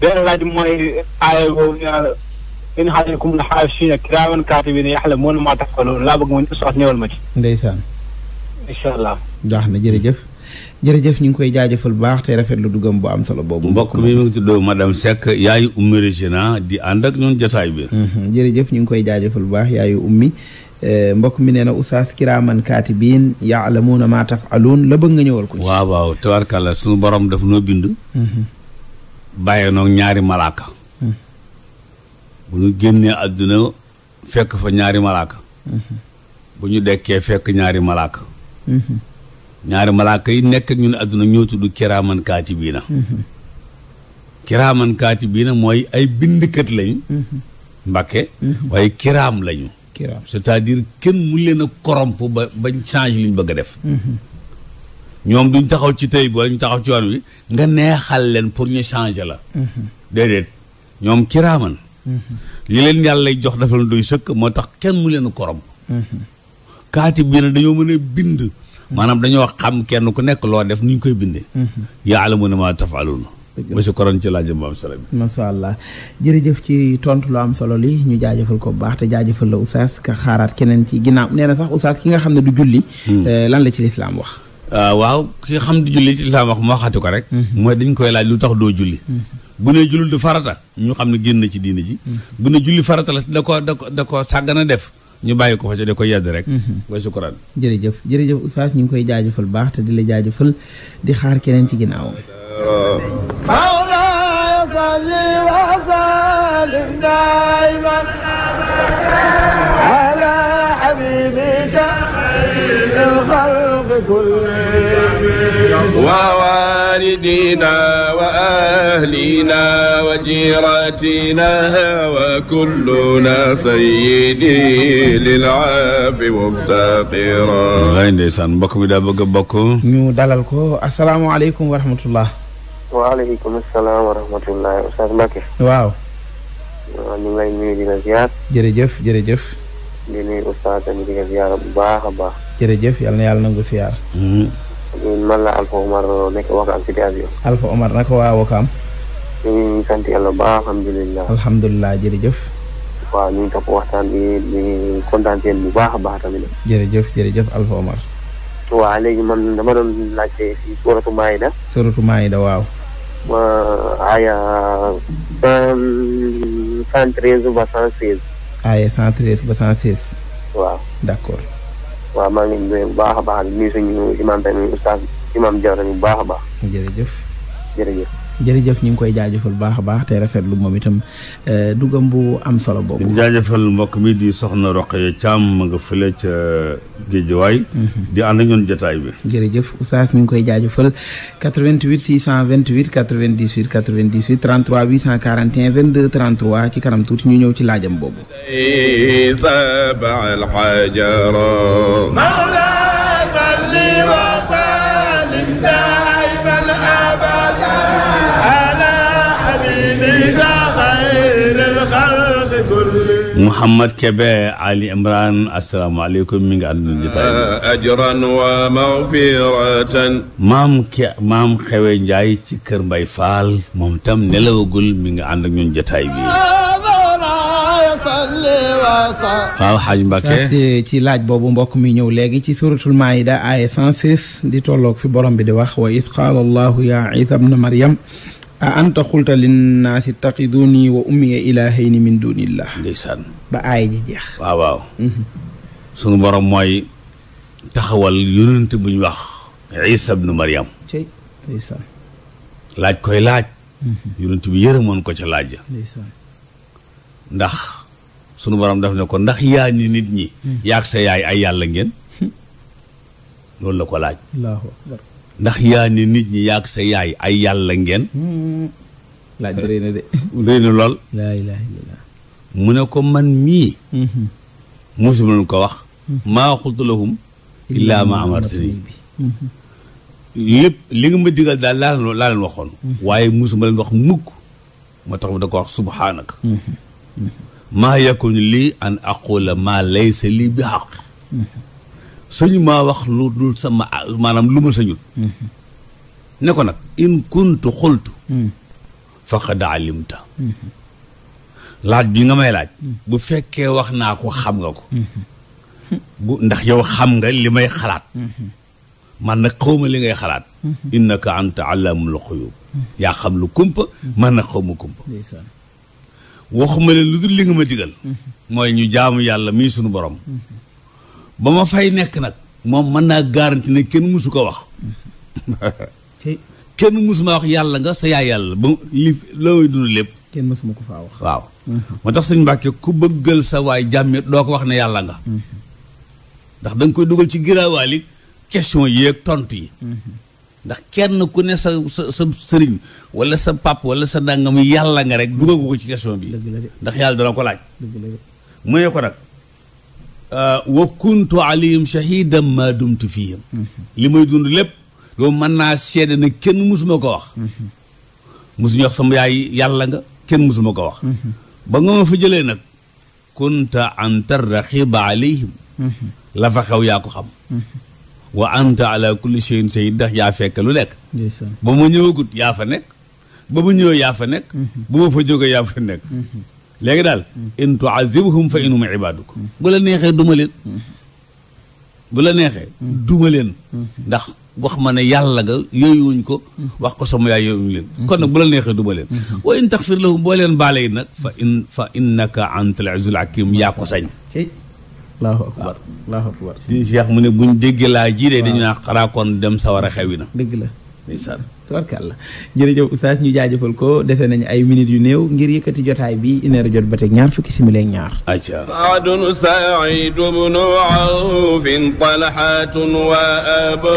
beneen laaj mooy aaya boobu ñu naan in aleykum la xaafisiina kiraaman kaatibiina ya'lamuuna maa laa bëgg moom soxna ñëwal ma ci. ndeysaan. incha allah. jaax na jërëjëf. jërëjëf ñu ngi koy jaajëfal bu baax te rafetlu dugam bu am solo boobu. mbokk mi mu ngi tuddoo madame Seck yaayu ummi Régina di ànd ak ñun jotaay bi. Mhm, jërëjëf ñu ngi koy jaajëfal bu baax yaayu ummi eh, mbokk mi nee na oustaz kiraaman kaatibiin yaalamuuna maa tafaluun la bëgg nga ñëwal ko ci. waaw waaw suñu borom daf noo bind. Mhm. bàyyee ñaari malaaka. Mhm. ñu génnee àdduna fekk fa ñaari malaaka. bu ñu dekkee fekk ñaari malaaka. ñaari malaaka yi nekk ak ñun àdduna ñoo tudd kiraaman kaatibiina kiraaman kaatibiina mooy ay bindkat lañ mbàkke waaye kiraam lañu kiraam c'est-à-dire kenn mu leen a corrompre ba bañ change li bëgg a def ñoom duñ taxaw ci tey wala ñu taxaw ci wan wi nga neexal leen pour ñu changer la déedéet ñoom kiraaman li leen yàlla jox dafa la doy sëkk moo tax kenn mu leen a korom mm-hmm. kaati bi na dañoo mën bind maanaam dañoo xam kenn ku nekk loo def ni ñu koy bindee mhm. ya'lamuuna maa taf'aluun monsieur Koron ci laajëm bu am solo bi allah jërëjëf ci tontu lu am solo li ñu jaajëfal ko bu baax te jaajëfal la oustaz ka xaaraat keneen ci ginnaaw nee na sax oustaz ki nga xam ne du julli hmm. eh, lan la ci lislaam wax ah, waaw ki nga xam du julli ci lislaam wax moo xatu ko rek hmm. mooy dañ koy laaj lu tax doo julli hmm. bu ne julul du farata ñu xam ne génn ci diina ji bu ne julli farata la da ko da ko da ko sàggana def ñu bàyyi ko fa ko yedd rek nga mhm. sukkuraan jërëjëf jërëjëf oustaz ñu ngi koy jaajëfal baax te di la jaajëfal di xaar keneen ci ginnaawam على حبيبك الخلق كلهم ووالدينا وأهلنا وجيراتنا وكلنا سيدي للعاف مفتقرا waay ndeysaan mbokk mi daa bëgg a bokk ñu dalal ko asalaamaaleykum wa rahmatullah waaleykum salaam wa rahmatullah Oustaz Mbacké waaw ñu ngi lay nuyu di la ziar jërëjëf jërëjëf bu baax a baax jërëjëf yal yàlla nangu siyaar hmm. man la Alpha Omar nekk Wakaam Cité Avion. Alpha Omar naka waa Wakaam. ñu ngi sant yàlla ba alhamdulilah. alhamdulilah jërëjëf. waaw ñu ngi topp waxtaan bi di kontaan seen bu baax a baax tamit. jërëjëf jërëjëf Alpha Omar. waaw léegi man dama doon laajte si suratu Maayda. suratu Maayda waaw. ma aaya cent cent treize ba cent seize. cent treize ba cent waaw d' accord. waaw maa ngi leen di nuyu bu baax a baax di nuyu suñu imaam tamit oustaz imaam Diaw tamit bu baax a baax. jërëjëf jërëjëf. jërëjëf ñu ngi koy jaajëfal baax a baax te rafetlu moom itam euh, dugam bu am solo boobu. di jaajëfal mbokk mi di soxna Roqe Thiam ma nga fële ca Géejawaay. Mhm. di ànd ak ñoom jotaay bi. jërëjëf Oustaz ñu ngi koy jaajëfal 88 628 98 98 33 841 22 33 ci kanam tuuti ñu ñëw ci laajam boobu. Mouhamad Kebe Ali Imran asalaamaaleykum mi ngi àndal jotaay bi. Eh, ajran wa maghfiratan. maam ke maam Xewe Njaay ci kër Mbay Faal moom tam nelawagul mi ngi ànd ak ñun jotaay bi. waaw xaaj Mbàkke ci laaj boobu mbokk mi ñëw léegi ci suratul maayida aaya 106 di tolloog fi borom bi di wax wa id qaala allahu ya isa bna maryam a anta xulta linnaasi taqiduni wa ummiya ilahayni min dunillah ndeysaan ba ay ji jeex waaw waaw mhm. sunu borom mooy taxawal yonent bu wax isa bnu mariam laaj koy laaj mhm. yonent bi yërëmoon ko ca laaj ndax sunu borom def na ko ndax yaa ni nit ñi mhm. yaag sa yaay ay yàlla ngeen hmm. loolu la ko laaj ndax yaa ni nit ñi yaag sa yaay ay yàlla ngeen hmm. laaj bi na de rëy na lool mu ne ko man mii hmm. musuma leen ko wax hmm. maa xultu lahum illaa ma amartani bi lépp li nga ma digal daal laa leen waxoon waaye musuma leen wax mukk moo tax da ko wax subhaanaka maa yakun lii an aqula maa laysa lii bi xaq sañu ma wax lu dul sama maanaam lu ma sañul ne ko nag in kuntu xultu faqad alimta laaj bi nga may laaj bu fekkee wax naa ko xam nga ko bu ndax yow xam nga li may xalaat man nag xawma li ngay xalaat innaka anta allamul xuyub yaa xam lu kumpa man nag xawma kumpa waxuma leen lu dul li nga ma digal mooy ñu jaamu yàlla mii sunu borom ba ma fay nekk nag moom mën naa garanti ne kenn musu ko wax [laughs] kenn musu ma wax yàlla nga sa yaay yàlla ba li looy dund lépp kenn mësuma ko faa waaw mm-hmm. moo tax sëñ Mbàkke ku bëggal sa waay jàmmit doo ko wax ne yàlla nga mm-hmm. ndax danga koy dugal ci giraawaali question yeeg tontu yi mm-hmm. ndax kenn ku ne sa sa sa sëriñ wala sa pap wala sa dàngam yàlla nga rek dugal ko ci question bi ndax yàlla dana ko laaj mu ko nag Uh, wa kuntu alayhim shahidan ma dumtu fihim li may dund lépp loolu mën naa seede ne kenn musuma ko wax musuñu wax sama yaay yàlla nga kenn musuma ko wax ba nga ma fa jëlee nag kunta anta raxiba alayhim la fa xew yaa ko xam wa anta ala kulli shay'in shahid ndax yaa fekk lu nekk ba ma ñëwagut yaa fa nekk ba ma ñëwee yaa fa nekk mm-hmm. ba ma fa jógee yaa fa nekk mm-hmm. léegi daal in tuazibhum fa inhum ibaduk bu neexee duma leen bu la neexee duma leen ndax wax ma ne yàlla ga yooyuwuñ ko wax ko sama yaay yooyuñ leen kon nag bu la neexee duma leen wa in taxfir lahum boo leen baale nag fa in fa innaka antal azizul hakim yaa ko sañ allahu akbar allahu akbar si cheikh mu ne buñ dégg laa ji dee dañu naa xanaa kon dem sawar a xewi na dëgg la tubarkàlla jërëjëf oustaz ñu jaajëfal ko dese nañu ay minutes yu néew ngir yëkkati jotaay bi une heure jot ba teg ñaar fukki simile ñaar aca saadun saidu bnu awfin talhatun wa abu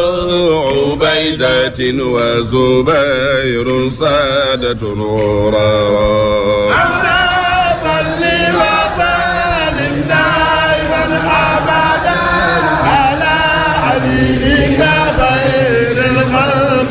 ubaydatin wa zubayrun saadatun urara Amen.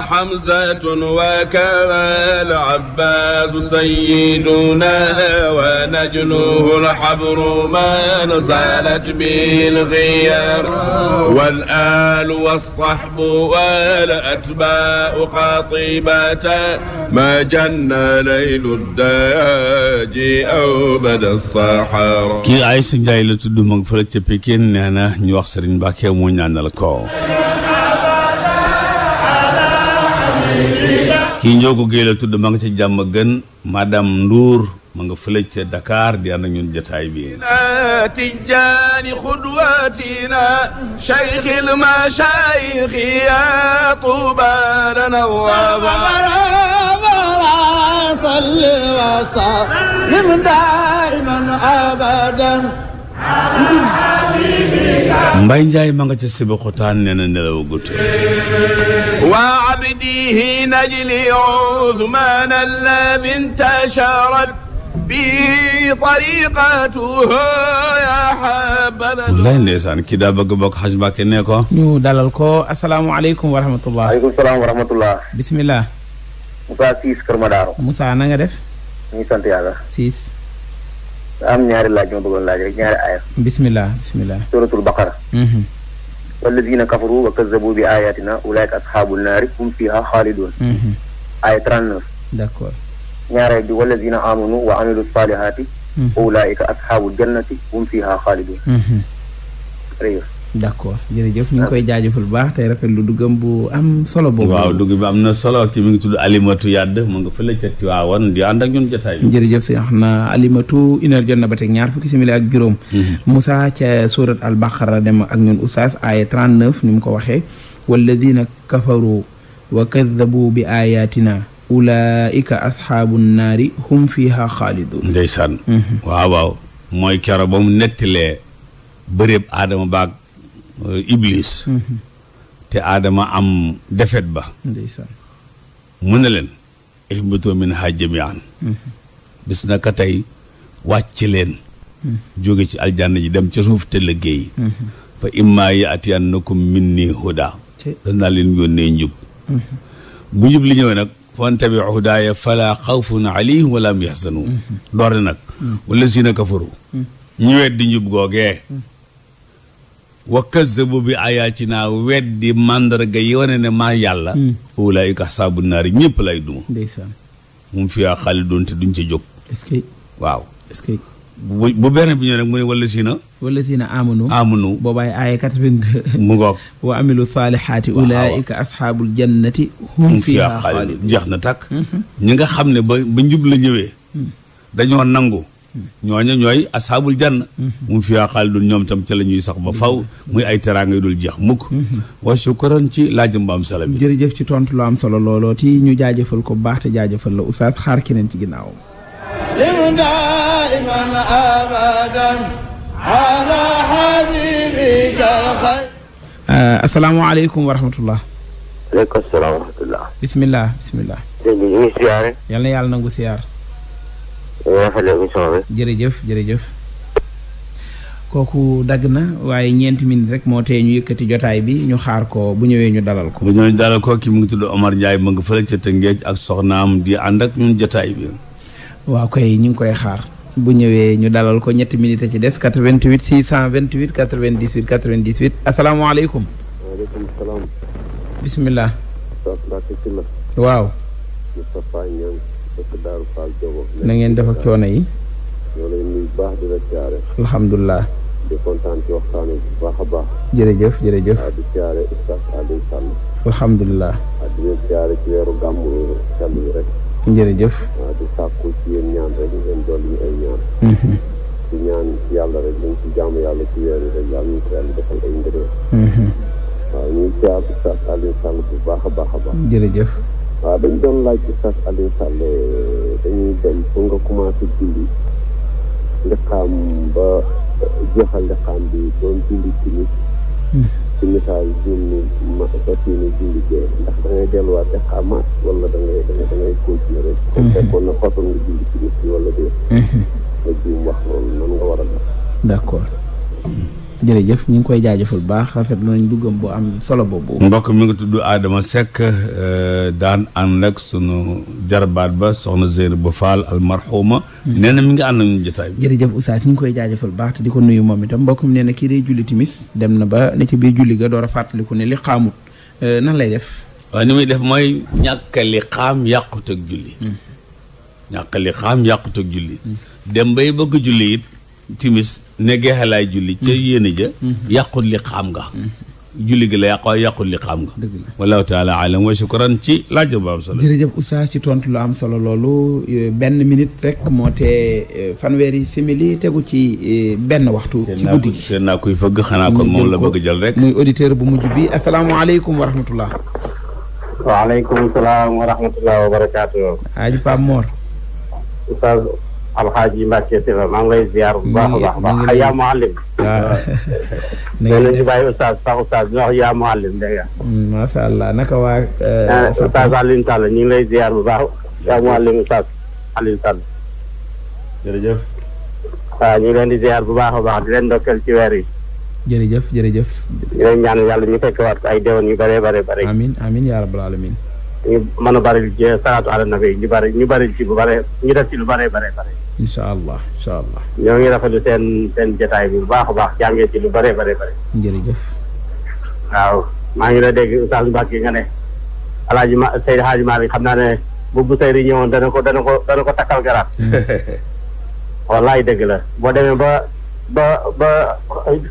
حمزة وكذا العباس سيدنا ونجله الحبر ما نزالت به الغيار والآل والصحب والأتباع قاطبة ما جنى ليل الداجي أو بدا الصحراء kii Aysa Njaay la tudd mag fële ca Pikine nee na ñu wax Sëriñ Mbàkke moo ñaanal ko kii ñoo ko tudd ma nga ca jàmm gën madame Ndour ma nga fële ca Dakar di ànd ak ñun jotaay bi tijaani xudwatina cheikhil machaikhi ya tubarana wa mbay njaay ma nga ca Sébikotane nee na nelaw gutte wa abdihi najli usman alladhi intasharat bi tariqatuha ya hababa wallaay ndeysaan kii daa bëgg bokk xaj Mbàkke ne ko ñu dalal ko asalaamualeykum wa rahmatullah aleykum salaam wa rahmatullah bismillah Moussa Siis Kër Madaaro Moussa na nga def ñu sant yàlla Siis am ñaari laaj ma bëggoon laaj rek ñaari aaya bismillah bismillah suratul baqara mhm. walladina kafaru wa kazzabu bi ayatina ulaika asxaabul naari hum fiha xaalidoon mhm. aaya trente-neuf d'accord ñaareel bi walladina amanu wa amilu saalihaati mhm. ulaika asxaabul jannati hum fiha xaalidoon d' accord jërëjëf ñu ngi koy jaajëfal bu baax tey lu duggam bu am solo boobu. waaw dugg bi am na solo ci mu ngi tudd Alimatu Yàdd mu nga fële ca Tiwaawan di ànd ak ñun jotaay bi. jërëjëf si wax na Alimatu une na ba teg ñaar fukki simili ak juróom. Mm-hmm. Moussa ca surat al baqara dem ak ñun oustaz aaya 39 ni mu ko waxee. walladina kafaru wa kaddabu bi ayatina ulaika ashaabu naari hum fiha xaalidun. ndeysaan. Mm-hmm. waaw waaw mooy kero ba mu nettilee bëreeb Adama baag. Euh, iblis mhm. te aadama am defet ba mu ne leen ihbitu minhaa jamii'an mhm. bis na ka tey wàcc leen mhm. jóge ci aljanna ji dem ca suuf te liggéey fa immaa ya'tiyannakum minnii hudaa danaa leen yónnee njub bu njub li ñëwee nag faman tabi'a hudaaya falaa xawfun alayhim wa laa hum yahzanuun door nag wallazina kafaru ñu weddi njub googee wa kazzabu bi naa weddi màndarga yi wane ne maa yàlla mm. ulaayika asaabu yi ñëpp lay duma ndeysaan mu fiyaa xaalidun te duñ ca jóg est-ce waaw est que bu bu benn bi ñëw nag mu ne wala si na wala si na amanu amanu boobaay aaya 82 mu ngoog [laughs] wa amilu saalihaati ulaayika hum fiyaa xaalidun jeex na takk mm-hmm. ñi nga xam ne ba ba njub la ñëwee mm. dañoo nangu ñooña ñooy ashaabul janna mum fiyaa xaalidun ñoom tam ca la ñuy sax ma faw muy ay teraanga dul jeex mukk wa shukran ci laajëm ba am solo bi jërëjëf ci tontu lu am solo looloo ti ñu jaajëfal ko baax te jaajëfal la oustaz xaar keneen ci ginnaawam lim daiman abadan ala habibikal xayr euh, na yàlla nangu rafetlu émission bi. jërëjëf jërëjëf kooku dagg na waaye ñeenti minutes rek moo tee ñu yëkkati jotaay bi ñu xaar ko bu ñëwee ñu dalal ko. bu ñëwee ñu dalal ko ki mu ngi tudd Omar Ndiaye mu ngi fële ca Tëngéej ak soxnaam di ànd ak ñun jotaay bi. waaw koy ñu ngi koy xaar. bu ñëwee ñu dalal ko ñetti minutes ci des 88 vingt 98 98 asalaamaaleykum. waaleykum salaam. bisimilah. waaw. Moustapha Niang. na ngeen def ak coono yi. ñoo lay nuyu bu baax di la siyaare. alhamdulilah. di kontaan ci waxtaan bi bu baax a baax. jërëjëf jërëjëf. waaw di siyaare Oustaz Alioune Sall. alhamdulilah. waaw di leen siyaare ci weeru gàmmu sell yi rek. jërëjëf. waaw ah, di sàkku ci yéen ñaan rek ngeen dolli ñu ay ñaan. Mhm. di ñaan ci yàlla ci jaamu yàlla ci weer yi rek yàlla ñu ci yàlla defal ay ngëneel. Mhm. bu baax a baax a baax. jërëjëf. waaw dañ doon laaj ci Oustaz Alioune Sall dañuy dem fu nga commencé julli liqaam ba jeexal liqaam bi doon julli timis hmm. ci misaal julli ndax da delluwaat liqaamaat wala da ngay da ngay continuer rek comme fekkoon na xotoon nga julli timis bi wala dee hmm. nga juum wax loolu noonu nga war a def jërëjëf ñu ngi koy jaajëfal baax rafet nañ duggam bu am solo boobu. mbokk mu ngi tudd Adama Seck euh, daan ànd ak sunu jarbaat ba soxna Zeyna bu Faal almarhuma hmm. nee na mi ngi ànd ak ñun jotaay bi. jërëjëf ñu ngi koy jaajëfal baax di ko nuyu moom itam mbokk nee na kii day julli timis dem na ba ne ci biir julli ga door a fàttaliku ne li xaamut euh, nan lay def. waaw ni muy def mooy ñàkk xaam yàqut ak julli. Hmm. ñàkk li xaam yàqut julli. Hmm. dem bay bëgg julli it. timis ne geexalaay julli ca mm. yéene ja mm-hmm. yàqul li xaam nga mm-hmm. julli gi la yàq waaye yàqul li xaam nga wallahu taala wa shukran ci laaj bu am solo jërëjëf oustaz tontu lu am solo loolu euh, benn minit rek moo te euh, fanweeri simili tegu ci euh, benn waxtu ci guddi gi seen naa kuy fëgg xanaa kon moom la bëgg jël rek muy auditeur bu mujj bi asalaamaaleykum wa rahmatullah waaleykum wa rahmatullah wa barakaatu. Aji Pape Mor alxaaji Mbacke Sylla maa ngi lay ziar bu baax a baax a baax yaa muallim waaw [laughs] [laughs] nañu bàyyi oustaz sax oustaz ñu wax yaa muallim dégg nga mm, macha allah naka waa eh, eh, oustaz Alioune Sall ñu ngi lay ziar bu baax yaa muallim oustaz Alioune Sall jërëjëf waaw ñu ngi leen di ziar bu baax a baax di leen ndokkeel ci weer yi jërëjëf jërëjëf ñu leen ñaan yàlla ñu fekk waat ko ay déwén yu bëree bëri bëri amin amin yaa rabbal alamin ñu mën a bari salaatu ala nabi ñu bari ñu bari ci bu bëree ñu def ci lu bëree bare bëri incha allah ñoo ngi rafetlu seen seen jotaay bi bu baax baax jàngee ci lu bëree bëri bëri. waaw maa ngi la dégg Oustaz Mbacke nga ne El Hadj Ma Seydou Hadj Malick xam naa ne bu bu Seydou ñëwoon dana ko dana ko dana ko takkal garaat. [laughs] wallaay dégg la boo demee ba ba ba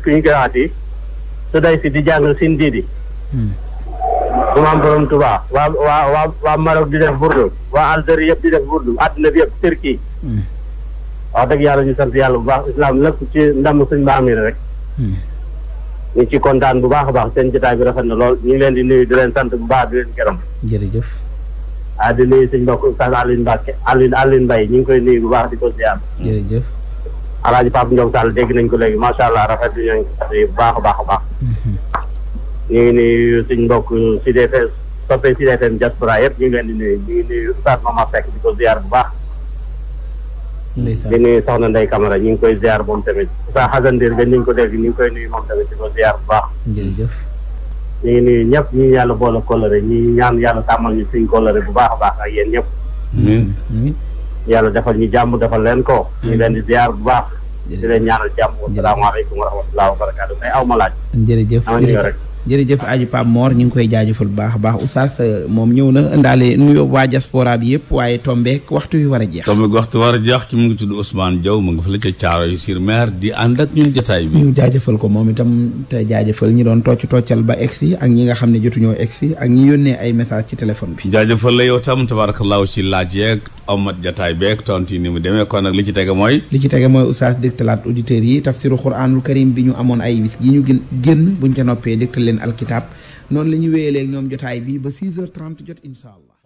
ku ñu garaat yi su day si di jàng sin diidi. bu hmm. maam borom tubaa waa waa waa waa Maroc di def burdu waa Algérie yëpp di def burdu àddina bi yëpp Turquie. Hmm. wax dëgg yàlla ñu sant yàlla bu baax islam lépp ci ndam suñ maam yi rek. Hmm. ñu ci kontaan bu baax a baax seen jotaay bi rafet na lool ñu ngi leen di nuyu di leen sant bu baax di leen gërëm. jërëjëf. ah di nuyu suñ mbokk Oustaz Alioune Mbacke Alioune Alioune Mbaye ñu ngi koy nuyu bu baax di ko ziar. jërëjëf. alaaji Pape Ndiong Sall dégg nañ ko léegi macha allah rafet nañ ko bu baax a baax a baax. Hmm. ñu ngi nuyu suñ mbokk Sud FM soppee Sud FM diaspora yëpp ñu ngi leen di nuyu ñu ngi nuyu Oustaz Mama Seck di ko bu baax. di nuyu soxna Ndeye Camara ñu ngi koy ziar moom tamit saa xasandir nga niñ ko def ñu ngi koy nuyu moom tamit di ko ziar bu baax jërëjëf ñu ngi nuyu ñëpp ñu yàlla boole kolore ñi ñaan yàlla tàmmal ñu suñ kolore bu baax baax ak yéen ñëpp yàlla defal ñu jàmm defal leen ko ñu leen di ziar bu baax di leen ñaanal jàmm wasalaamaaleykum wa rahmatulah wa barakaatu ay aw ma laaj jërëjëf rek jërëjëf aji Pape Mor ñu ngi koy jaajëfal bu baax a baax oustaz euh, moom ñëw na ndaale nuyoo waa yëpp waaye tombeek waxtu wi war a jeex tombeek waxtu war a jeex ci mu ngi tudd Ousmane Diaw mu caaro yu sur mer di ànd ak ñun jotaay ñu jaajëfal ko moom itam te jaajëfal ñi doon tocc toccal ba egsi ak ñi nga xam ne jotuñoo egsi ak ñi yónnee ay message ci téléphone bi jaajëfal la yow tam tabaarakallaahu ci laaj yeeg omat jataay beeg tontu yi ni mu demee kon nag li ci tege mooy li ci tege mooy oustaz dégtalaat auditeurs yi tafsiru quranul karim bi ñu amoon ay bis yi ñu gën génn buñ ca noppee dégtal leen alkitab noonu la ñu wéyalee ñoom jotaay bi ba 6 heures 30 jot incha allah